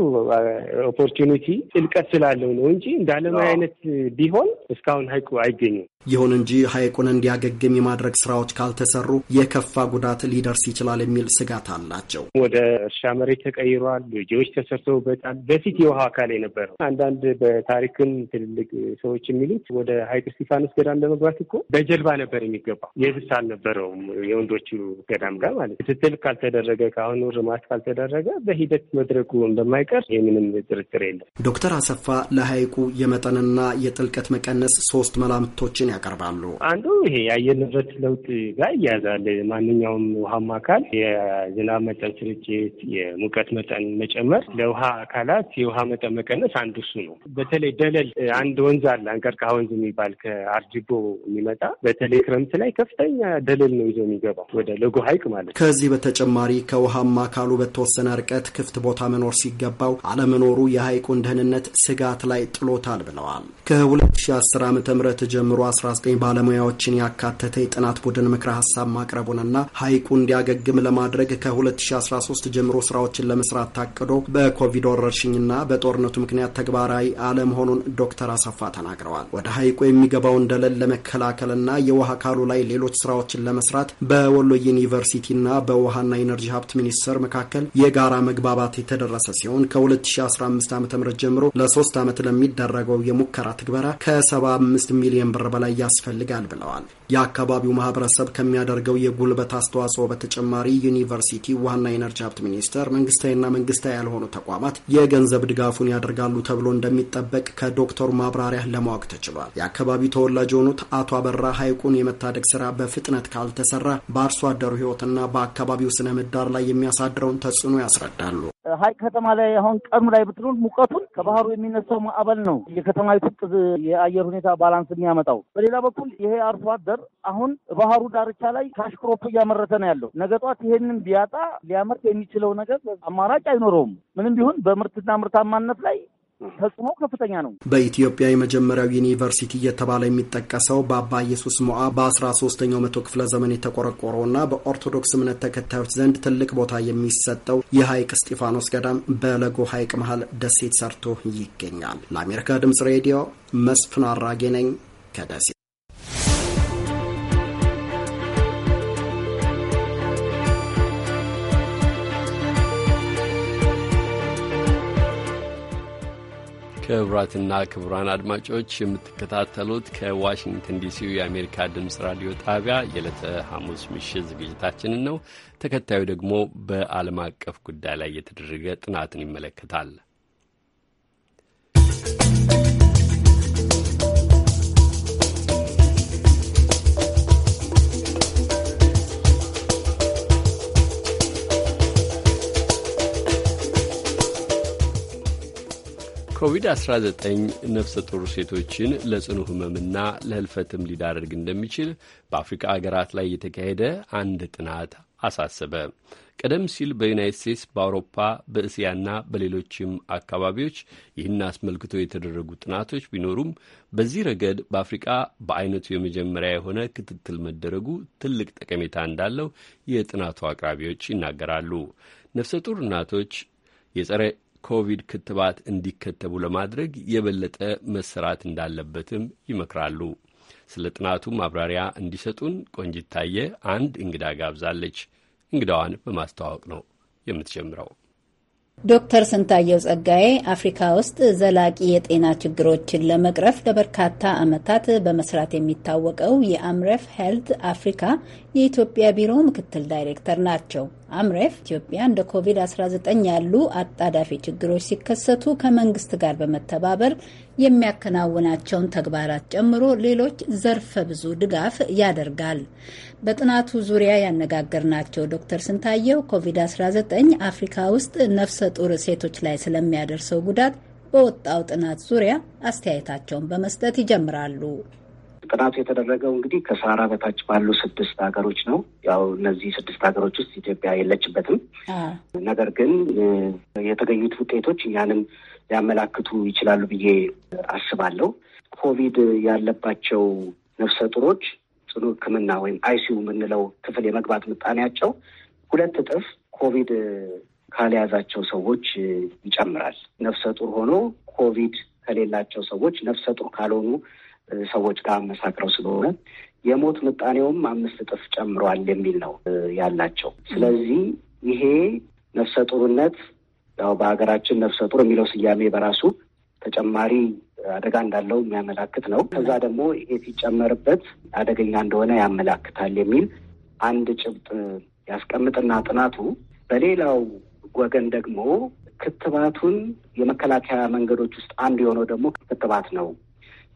ኦፖርቹኒቲ ጥልቀት ስላለው ነው እንጂ እንደ አይነት ቢሆን እስካሁን ሀይቁ አይገኙም። ይሁን እንጂ ሐይቁን እንዲያገግም የማድረግ ስራዎች ካልተሰሩ የከፋ ጉዳት ሊደርስ ይችላል የሚል ስጋት አላቸው። ወደ እርሻ መሬት ተቀይሯል። ልጆች ተሰርተውበታል። በፊት የውሃ አካል የነበረው አንዳንድ በታሪክም ትልልቅ ሰዎች የሚሉት ወደ ሐይቅ እስጢፋኖስ ገዳም ለመግባት እኮ በጀልባ ነበር የሚገባ የብስ አልነበረውም። የወንዶቹ ገዳም ጋር ማለት ክትትል ካልተደረገ ከአሁኑ ርማት ካልተደረገ በሂደት መድረጉ እንደማይቀር የምንም ጥርጥር የለም። ዶክተር አሰፋ ለሐይቁ የመጠንና የጥልቀት መቀነስ ሶስት መላምቶችን ምን ያቀርባሉ? አንዱ ይሄ የአየር ንብረት ለውጥ ጋር እያያዛል። ማንኛውም ውሃማ አካል የዝናብ መጠን ስርጭት፣ የሙቀት መጠን መጨመር፣ ለውሃ አካላት የውሃ መጠን መቀነስ አንዱ እሱ ነው። በተለይ ደለል አንድ ወንዝ አለ አንቀርቃ ወንዝ የሚባል ከአርጅቦ የሚመጣ በተለይ ክረምት ላይ ከፍተኛ ደለል ነው ይዞ የሚገባው ወደ ለጎ ሀይቅ ማለት። ከዚህ በተጨማሪ ከውሃማ አካሉ በተወሰነ ርቀት ክፍት ቦታ መኖር ሲገባው አለመኖሩ የሀይቁን ደህንነት ስጋት ላይ ጥሎታል ብለዋል። ከ2010 ዓ ም ጀምሮ 19 ባለሙያዎችን ያካተተ የጥናት ቡድን ምክረ ሀሳብ ማቅረቡንና ሐይቁ እንዲያገግም ለማድረግ ከ2013 ጀምሮ ስራዎችን ለመስራት ታቅዶ በኮቪድ ወረርሽኝና በጦርነቱ ምክንያት ተግባራዊ አለመሆኑን ዶክተር አሰፋ ተናግረዋል። ወደ ሐይቁ የሚገባውን ደለል ለመከላከልና የውሃ አካሉ ላይ ሌሎች ስራዎችን ለመስራት በወሎ ዩኒቨርሲቲና በውሃና ኢነርጂ ሀብት ሚኒስቴር መካከል የጋራ መግባባት የተደረሰ ሲሆን ከ2015 ዓ ም ጀምሮ ለሶስት ዓመት ለሚደረገው የሙከራ ትግበራ ከ75 ሚሊዮን ብር በላይ ላይ ያስፈልጋል ብለዋል። የአካባቢው ማህበረሰብ ከሚያደርገው የጉልበት አስተዋጽኦ በተጨማሪ ዩኒቨርሲቲ ዋና የኤነርጂ ሀብት ሚኒስቴር፣ መንግስታዊና መንግስታዊ ያልሆኑ ተቋማት የገንዘብ ድጋፉን ያደርጋሉ ተብሎ እንደሚጠበቅ ከዶክተሩ ማብራሪያ ለማወቅ ተችሏል። የአካባቢው ተወላጅ የሆኑት አቶ አበራ ሐይቁን የመታደግ ስራ በፍጥነት ካልተሰራ በአርሶ አደሩ ህይወትና በአካባቢው ስነ ምህዳር ላይ የሚያሳድረውን ተጽዕኖ ያስረዳሉ። ሀይቅ ከተማ ላይ አሁን ቀኑ ላይ ብትሉን ሙቀቱን ከባህሩ የሚነሳው ማዕበል ነው ቅዝ የአየር ሁኔታ ባላንስ የሚያመጣው። በሌላ በኩል ይሄ አርሶ አደር አሁን ባህሩ ዳርቻ ላይ ካሽክሮፕ እያመረተ ነው ያለው። ነገ ጧት ይሄንን ቢያጣ ሊያመርት የሚችለው ነገር አማራጭ አይኖረውም። ምንም ቢሆን በምርትና ምርታማነት ላይ ተጽዕኖ ከፍተኛ ነው። በኢትዮጵያ የመጀመሪያው ዩኒቨርሲቲ እየተባለ የሚጠቀሰው በአባ ኢየሱስ ሞዓ በአስራ ሶስተኛው መቶ ክፍለ ዘመን የተቆረቆረው እና በኦርቶዶክስ እምነት ተከታዮች ዘንድ ትልቅ ቦታ የሚሰጠው የሐይቅ እስጢፋኖስ ገዳም በለጎ ሐይቅ መሀል ደሴት ሰርቶ ይገኛል። ለአሜሪካ ድምጽ ሬዲዮ መስፍን አራጌ ነኝ ከደሴ። ክቡራትና ክቡራን አድማጮች የምትከታተሉት ከዋሽንግተን ዲሲ የአሜሪካ ድምፅ ራዲዮ ጣቢያ የዕለተ ሐሙስ ምሽት ዝግጅታችንን ነው። ተከታዩ ደግሞ በዓለም አቀፍ ጉዳይ ላይ የተደረገ ጥናትን ይመለከታል። ኮቪድ-19 ነፍሰ ጡር ሴቶችን ለጽኑ ህመምና ለህልፈትም ሊዳርግ እንደሚችል በአፍሪካ አገራት ላይ የተካሄደ አንድ ጥናት አሳሰበ። ቀደም ሲል በዩናይት ስቴትስ፣ በአውሮፓ፣ በእስያና በሌሎችም አካባቢዎች ይህን አስመልክቶ የተደረጉ ጥናቶች ቢኖሩም በዚህ ረገድ በአፍሪቃ በአይነቱ የመጀመሪያ የሆነ ክትትል መደረጉ ትልቅ ጠቀሜታ እንዳለው የጥናቱ አቅራቢዎች ይናገራሉ። ነፍሰ ጡር እናቶች የጸረ ኮቪድ ክትባት እንዲከተቡ ለማድረግ የበለጠ መሰራት እንዳለበትም ይመክራሉ። ስለ ጥናቱ ማብራሪያ እንዲሰጡን ቆንጅታየ አንድ እንግዳ ጋብዛለች። እንግዳዋን በማስተዋወቅ ነው የምትጀምረው። ዶክተር ስንታየው ጸጋዬ አፍሪካ ውስጥ ዘላቂ የጤና ችግሮችን ለመቅረፍ ለበርካታ ዓመታት በመስራት የሚታወቀው የአምረፍ ሄልት አፍሪካ የኢትዮጵያ ቢሮ ምክትል ዳይሬክተር ናቸው። አምሬፍ ኢትዮጵያ እንደ ኮቪድ-19 ያሉ አጣዳፊ ችግሮች ሲከሰቱ ከመንግስት ጋር በመተባበር የሚያከናውናቸውን ተግባራት ጨምሮ ሌሎች ዘርፈ ብዙ ድጋፍ ያደርጋል። በጥናቱ ዙሪያ ያነጋገርናቸው ዶክተር ስንታየው ኮቪድ-19 አፍሪካ ውስጥ ነፍሰ ጡር ሴቶች ላይ ስለሚያደርሰው ጉዳት በወጣው ጥናት ዙሪያ አስተያየታቸውን በመስጠት ይጀምራሉ። ጥናቱ የተደረገው እንግዲህ ከሰሃራ በታች ባሉ ስድስት ሀገሮች ነው። ያው እነዚህ ስድስት ሀገሮች ውስጥ ኢትዮጵያ የለችበትም። ነገር ግን የተገኙት ውጤቶች እኛንም ሊያመላክቱ ይችላሉ ብዬ አስባለሁ። ኮቪድ ያለባቸው ነፍሰ ጡሮች ጽኑ ሕክምና ወይም አይሲዩ የምንለው ክፍል የመግባት ምጣኔያቸው ሁለት እጥፍ ኮቪድ ካልያዛቸው ሰዎች ይጨምራል። ነፍሰ ጡር ሆኖ ኮቪድ ከሌላቸው ሰዎች ነፍሰ ጡር ካልሆኑ ሰዎች ጋር አመሳክረው ስለሆነ የሞት ምጣኔውም አምስት እጥፍ ጨምሯል የሚል ነው ያላቸው። ስለዚህ ይሄ ነፍሰ ጡርነት ያው በሀገራችን ነፍሰ ጡር የሚለው ስያሜ በራሱ ተጨማሪ አደጋ እንዳለው የሚያመላክት ነው። ከዛ ደግሞ ይሄ ሲጨመርበት አደገኛ እንደሆነ ያመላክታል የሚል አንድ ጭብጥ ያስቀምጥና ጥናቱ በሌላው ወገን ደግሞ ክትባቱን የመከላከያ መንገዶች ውስጥ አንዱ የሆነው ደግሞ ክትባት ነው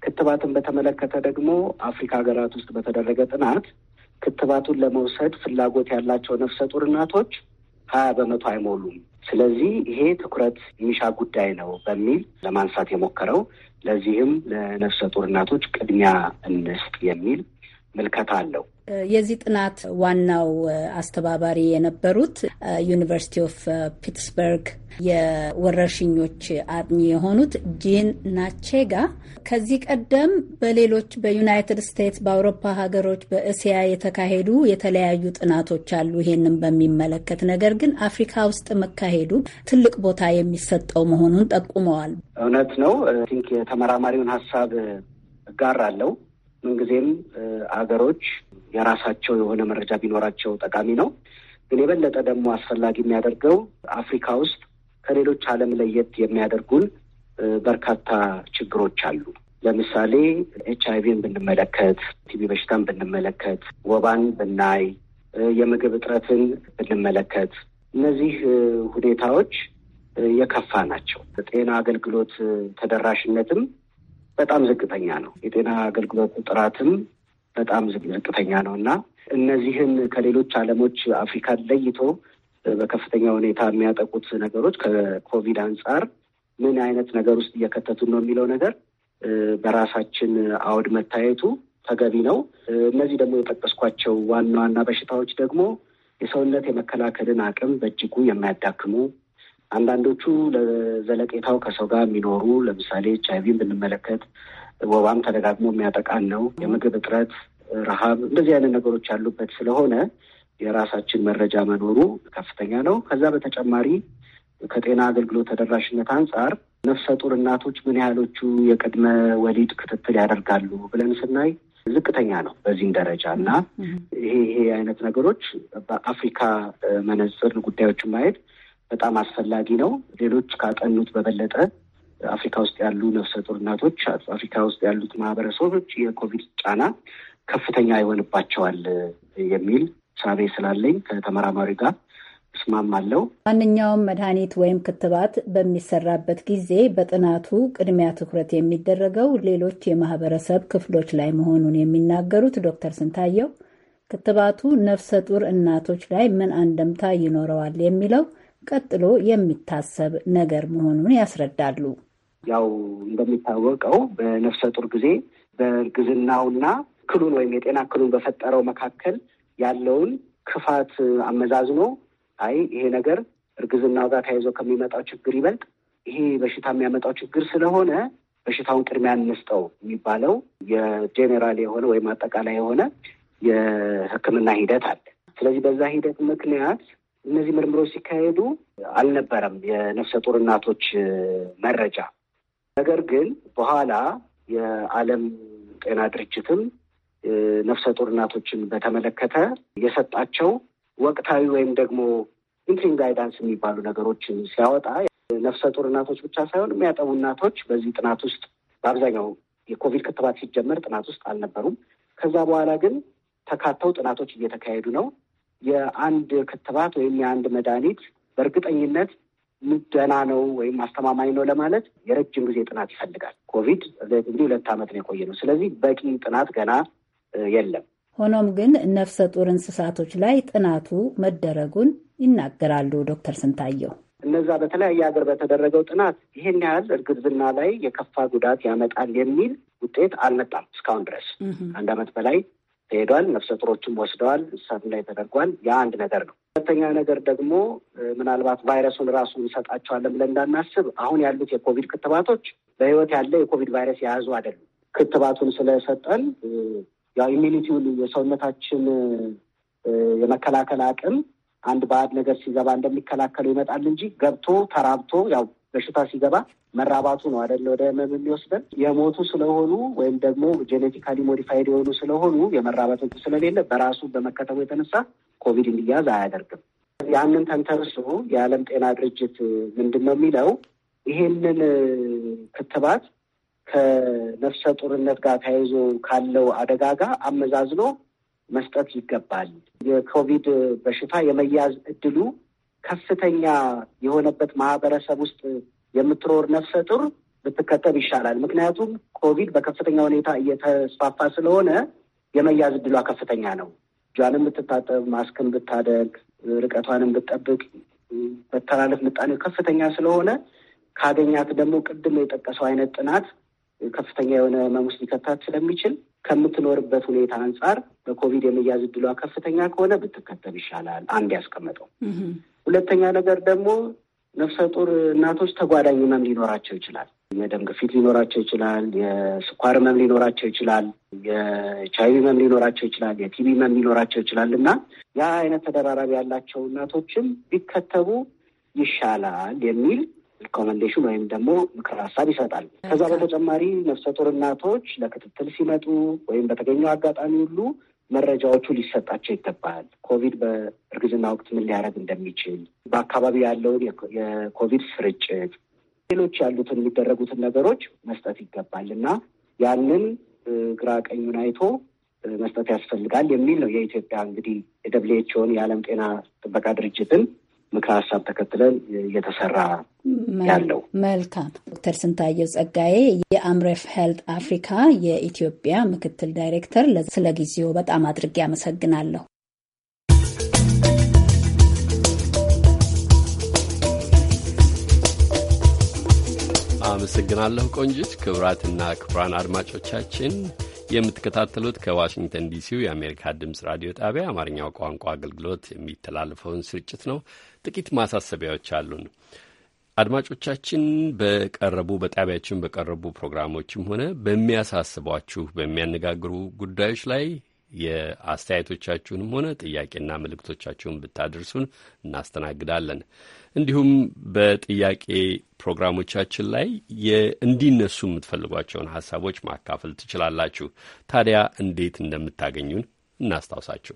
ክትባትን በተመለከተ ደግሞ አፍሪካ ሀገራት ውስጥ በተደረገ ጥናት ክትባቱን ለመውሰድ ፍላጎት ያላቸው ነፍሰ ጡር እናቶች ሀያ በመቶ አይሞሉም። ስለዚህ ይሄ ትኩረት የሚሻ ጉዳይ ነው በሚል ለማንሳት የሞከረው ለዚህም ለነፍሰ ጡር እናቶች ቅድሚያ እንስጥ የሚል ምልከታ አለው። የዚህ ጥናት ዋናው አስተባባሪ የነበሩት ዩኒቨርሲቲ ኦፍ ፒትስበርግ የወረርሽኞች አጥኚ የሆኑት ጂን ናቼጋ ከዚህ ቀደም በሌሎች በዩናይትድ ስቴትስ፣ በአውሮፓ ሀገሮች፣ በእስያ የተካሄዱ የተለያዩ ጥናቶች አሉ ይሄንን በሚመለከት ነገር ግን አፍሪካ ውስጥ መካሄዱ ትልቅ ቦታ የሚሰጠው መሆኑን ጠቁመዋል። እውነት ነው። ቲንክ የተመራማሪውን ሀሳብ እጋራለሁ። ምንጊዜም አገሮች የራሳቸው የሆነ መረጃ ቢኖራቸው ጠቃሚ ነው። ግን የበለጠ ደግሞ አስፈላጊ የሚያደርገው አፍሪካ ውስጥ ከሌሎች ዓለም ለየት የሚያደርጉን በርካታ ችግሮች አሉ። ለምሳሌ ኤች አይቪን ብንመለከት፣ ቲቪ በሽታን ብንመለከት፣ ወባን ብናይ፣ የምግብ እጥረትን ብንመለከት እነዚህ ሁኔታዎች የከፋ ናቸው። ጤና አገልግሎት ተደራሽነትም በጣም ዝቅተኛ ነው። የጤና አገልግሎት ጥራትም በጣም ዝቅተኛ ነው እና እነዚህን ከሌሎች ዓለሞች አፍሪካን ለይቶ በከፍተኛ ሁኔታ የሚያጠቁት ነገሮች ከኮቪድ አንጻር ምን አይነት ነገር ውስጥ እየከተቱን ነው የሚለው ነገር በራሳችን አውድ መታየቱ ተገቢ ነው። እነዚህ ደግሞ የጠቀስኳቸው ዋና ዋና በሽታዎች ደግሞ የሰውነት የመከላከልን አቅም በእጅጉ የሚያዳክሙ አንዳንዶቹ ለዘለቄታው ከሰው ጋር የሚኖሩ ለምሳሌ ኤች አይቪን ብንመለከት ወባም ተደጋግሞ የሚያጠቃን ነው። የምግብ እጥረት፣ ረሃብ እንደዚህ አይነት ነገሮች ያሉበት ስለሆነ የራሳችን መረጃ መኖሩ ከፍተኛ ነው። ከዛ በተጨማሪ ከጤና አገልግሎት ተደራሽነት አንጻር ነፍሰ ጡር እናቶች ምን ያህሎቹ የቅድመ ወሊድ ክትትል ያደርጋሉ ብለን ስናይ ዝቅተኛ ነው በዚህም ደረጃ እና ይሄ ይሄ አይነት ነገሮች በአፍሪካ መነጽር ጉዳዮችን ማየት በጣም አስፈላጊ ነው። ሌሎች ካጠኑት በበለጠ አፍሪካ ውስጥ ያሉ ነፍሰ ጡር እናቶች፣ አፍሪካ ውስጥ ያሉት ማህበረሰቦች የኮቪድ ጫና ከፍተኛ ይሆንባቸዋል የሚል ሳቤ ስላለኝ ከተመራማሪ ጋር እስማማለሁ። ማንኛውም መድኃኒት ወይም ክትባት በሚሰራበት ጊዜ በጥናቱ ቅድሚያ ትኩረት የሚደረገው ሌሎች የማህበረሰብ ክፍሎች ላይ መሆኑን የሚናገሩት ዶክተር ስንታየው ክትባቱ ነፍሰ ጡር እናቶች ላይ ምን አንደምታ ይኖረዋል የሚለው ቀጥሎ የሚታሰብ ነገር መሆኑን ያስረዳሉ። ያው እንደሚታወቀው በነፍሰ ጡር ጊዜ በእርግዝናውና ክሉን ወይም የጤና ክሉን በፈጠረው መካከል ያለውን ክፋት አመዛዝኖ አይ ይሄ ነገር እርግዝናው ጋር ተያይዞ ከሚመጣው ችግር ይበልጥ ይሄ በሽታ የሚያመጣው ችግር ስለሆነ በሽታውን ቅድሚያ እንስጠው የሚባለው የጄኔራል የሆነ ወይም አጠቃላይ የሆነ የሕክምና ሂደት አለ። ስለዚህ በዛ ሂደት ምክንያት እነዚህ ምርምሮች ሲካሄዱ አልነበረም የነፍሰ ጡር እናቶች መረጃ። ነገር ግን በኋላ የዓለም ጤና ድርጅትም ነፍሰ ጡር እናቶችን በተመለከተ የሰጣቸው ወቅታዊ ወይም ደግሞ ኢንትሪም ጋይዳንስ የሚባሉ ነገሮችን ሲያወጣ ነፍሰ ጡር እናቶች ብቻ ሳይሆን የሚያጠቡ እናቶች በዚህ ጥናት ውስጥ በአብዛኛው የኮቪድ ክትባት ሲጀመር ጥናት ውስጥ አልነበሩም። ከዛ በኋላ ግን ተካተው ጥናቶች እየተካሄዱ ነው። የአንድ ክትባት ወይም የአንድ መድኃኒት በእርግጠኝነት ደህና ነው ወይም አስተማማኝ ነው ለማለት የረጅም ጊዜ ጥናት ይፈልጋል። ኮቪድ እንግዲህ ሁለት ዓመት ነው የቆየ ነው። ስለዚህ በቂ ጥናት ገና የለም። ሆኖም ግን ነፍሰ ጡር እንስሳቶች ላይ ጥናቱ መደረጉን ይናገራሉ ዶክተር ስንታየው። እነዛ በተለያየ ሀገር በተደረገው ጥናት ይሄን ያህል እርግዝና ላይ የከፋ ጉዳት ያመጣል የሚል ውጤት አልመጣም እስካሁን ድረስ። አንድ ዓመት በላይ ተሄዷል። ነፍሰ ጡሮችም ወስደዋል። እሳቱ ላይ ተደርጓል። ያ አንድ ነገር ነው። ሁለተኛ ነገር ደግሞ ምናልባት ቫይረሱን ራሱ እንሰጣቸዋለን ብለን እንዳናስብ አሁን ያሉት የኮቪድ ክትባቶች በህይወት ያለ የኮቪድ ቫይረስ የያዙ አይደሉም። ክትባቱን ስለሰጠን ያው ኢሚኒቲውን የሰውነታችን የመከላከል አቅም አንድ ባዕድ ነገር ሲገባ እንደሚከላከለው ይመጣል እንጂ ገብቶ ተራብቶ ያው በሽታ ሲገባ መራባቱ ነው አደለ ወደ ህመም የሚወስደን የሞቱ ስለሆኑ ወይም ደግሞ ጄኔቲካሊ ሞዲፋይድ የሆኑ ስለሆኑ የመራባት ስለሌለ በራሱ በመከተቡ የተነሳ ኮቪድ እንዲያዝ አያደርግም። ያንን ተንተርሶ የዓለም ጤና ድርጅት ምንድን ነው የሚለው ይሄንን ክትባት ከነፍሰ ጡርነት ጋር ተያይዞ ካለው አደጋ ጋር አመዛዝኖ መስጠት ይገባል። የኮቪድ በሽታ የመያዝ እድሉ ከፍተኛ የሆነበት ማህበረሰብ ውስጥ የምትኖር ነፍሰ ጡር ብትከተብ ይሻላል። ምክንያቱም ኮቪድ በከፍተኛ ሁኔታ እየተስፋፋ ስለሆነ የመያዝ እድሏ ከፍተኛ ነው። እጇንም ብትታጠብ፣ ማስክን ብታደርግ፣ ርቀቷንም ብትጠብቅ መተላለፍ ምጣኔው ከፍተኛ ስለሆነ ካገኛት ደግሞ ቅድም የጠቀሰው አይነት ጥናት ከፍተኛ የሆነ ህመም ውስጥ ሊከታት ስለሚችል ከምትኖርበት ሁኔታ አንጻር በኮቪድ የመያዝ እድሏ ከፍተኛ ከሆነ ብትከተብ ይሻላል። አንድ ያስቀመጠው ሁለተኛ ነገር ደግሞ ነፍሰ ጡር እናቶች ተጓዳኝ ህመም ሊኖራቸው ይችላል። የደም ግፊት ሊኖራቸው ይችላል። የስኳር ህመም ሊኖራቸው ይችላል። የኤች አይ ቪ ህመም ሊኖራቸው ይችላል። የቲቢ ህመም ሊኖራቸው ይችላል እና ያ አይነት ተደራራቢ ያላቸው እናቶችም ቢከተቡ ይሻላል የሚል ሪኮመንዴሽን ወይም ደግሞ ምክር ሀሳብ ይሰጣል። ከዛ በተጨማሪ ነፍሰ ጡር እናቶች ለክትትል ሲመጡ ወይም በተገኘው አጋጣሚ ሁሉ መረጃዎቹ ሊሰጣቸው ይገባል። ኮቪድ በእርግዝና ወቅት ምን ሊያደርግ እንደሚችል፣ በአካባቢው ያለውን የኮቪድ ስርጭት፣ ሌሎች ያሉትን የሚደረጉትን ነገሮች መስጠት ይገባል እና ያንን ግራ ቀኙን አይቶ መስጠት ያስፈልጋል የሚል ነው የኢትዮጵያ እንግዲህ የደብሊው የዓለም ጤና ጥበቃ ድርጅትን ምክረ ሀሳብ ተከትለን እየተሰራ ያለው። መልካም ዶክተር ስንታየው ጸጋዬ የአምሬፍ ሄልት አፍሪካ የኢትዮጵያ ምክትል ዳይሬክተር፣ ስለ ጊዜው በጣም አድርጌ አመሰግናለሁ። አመሰግናለሁ ቆንጅት። ክቡራትና ክቡራን አድማጮቻችን የምትከታተሉት ከዋሽንግተን ዲሲው የአሜሪካ ድምፅ ራዲዮ ጣቢያ አማርኛው ቋንቋ አገልግሎት የሚተላለፈውን ስርጭት ነው። ጥቂት ማሳሰቢያዎች አሉን። አድማጮቻችን በቀረቡ በጣቢያችን በቀረቡ ፕሮግራሞችም ሆነ በሚያሳስቧችሁ በሚያነጋግሩ ጉዳዮች ላይ የአስተያየቶቻችሁንም ሆነ ጥያቄና መልእክቶቻችሁን ብታደርሱን እናስተናግዳለን። እንዲሁም በጥያቄ ፕሮግራሞቻችን ላይ እንዲነሱ የምትፈልጓቸውን ሀሳቦች ማካፈል ትችላላችሁ። ታዲያ እንዴት እንደምታገኙን እናስታውሳችሁ።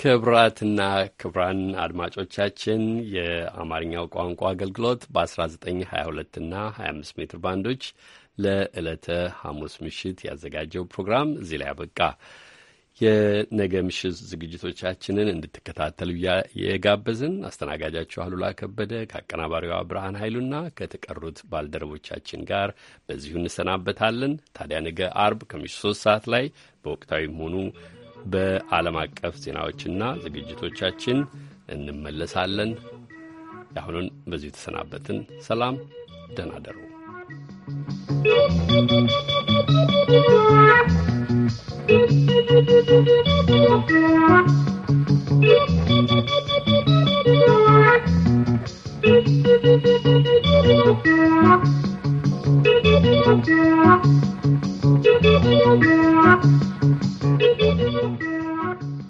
ክብራትና ክብራን አድማጮቻችን የአማርኛው ቋንቋ አገልግሎት በ1922 እና 25 ሜትር ባንዶች ለዕለተ ሐሙስ ምሽት ያዘጋጀው ፕሮግራም እዚህ ላይ አበቃ። የነገ ምሽት ዝግጅቶቻችንን እንድትከታተሉ የጋበዝን አስተናጋጃችሁ አሉላ ከበደ ከአቀናባሪዋ ብርሃን ኃይሉና ከተቀሩት ባልደረቦቻችን ጋር በዚሁ እንሰናበታለን። ታዲያ ነገ አርብ ከምሽት ሶስት ሰዓት ላይ በወቅታዊም ሆኑ በዓለም አቀፍ ዜናዎችና ዝግጅቶቻችን እንመለሳለን። የአሁኑን በዚሁ የተሰናበትን። ሰላም፣ ደህና you. Thank you.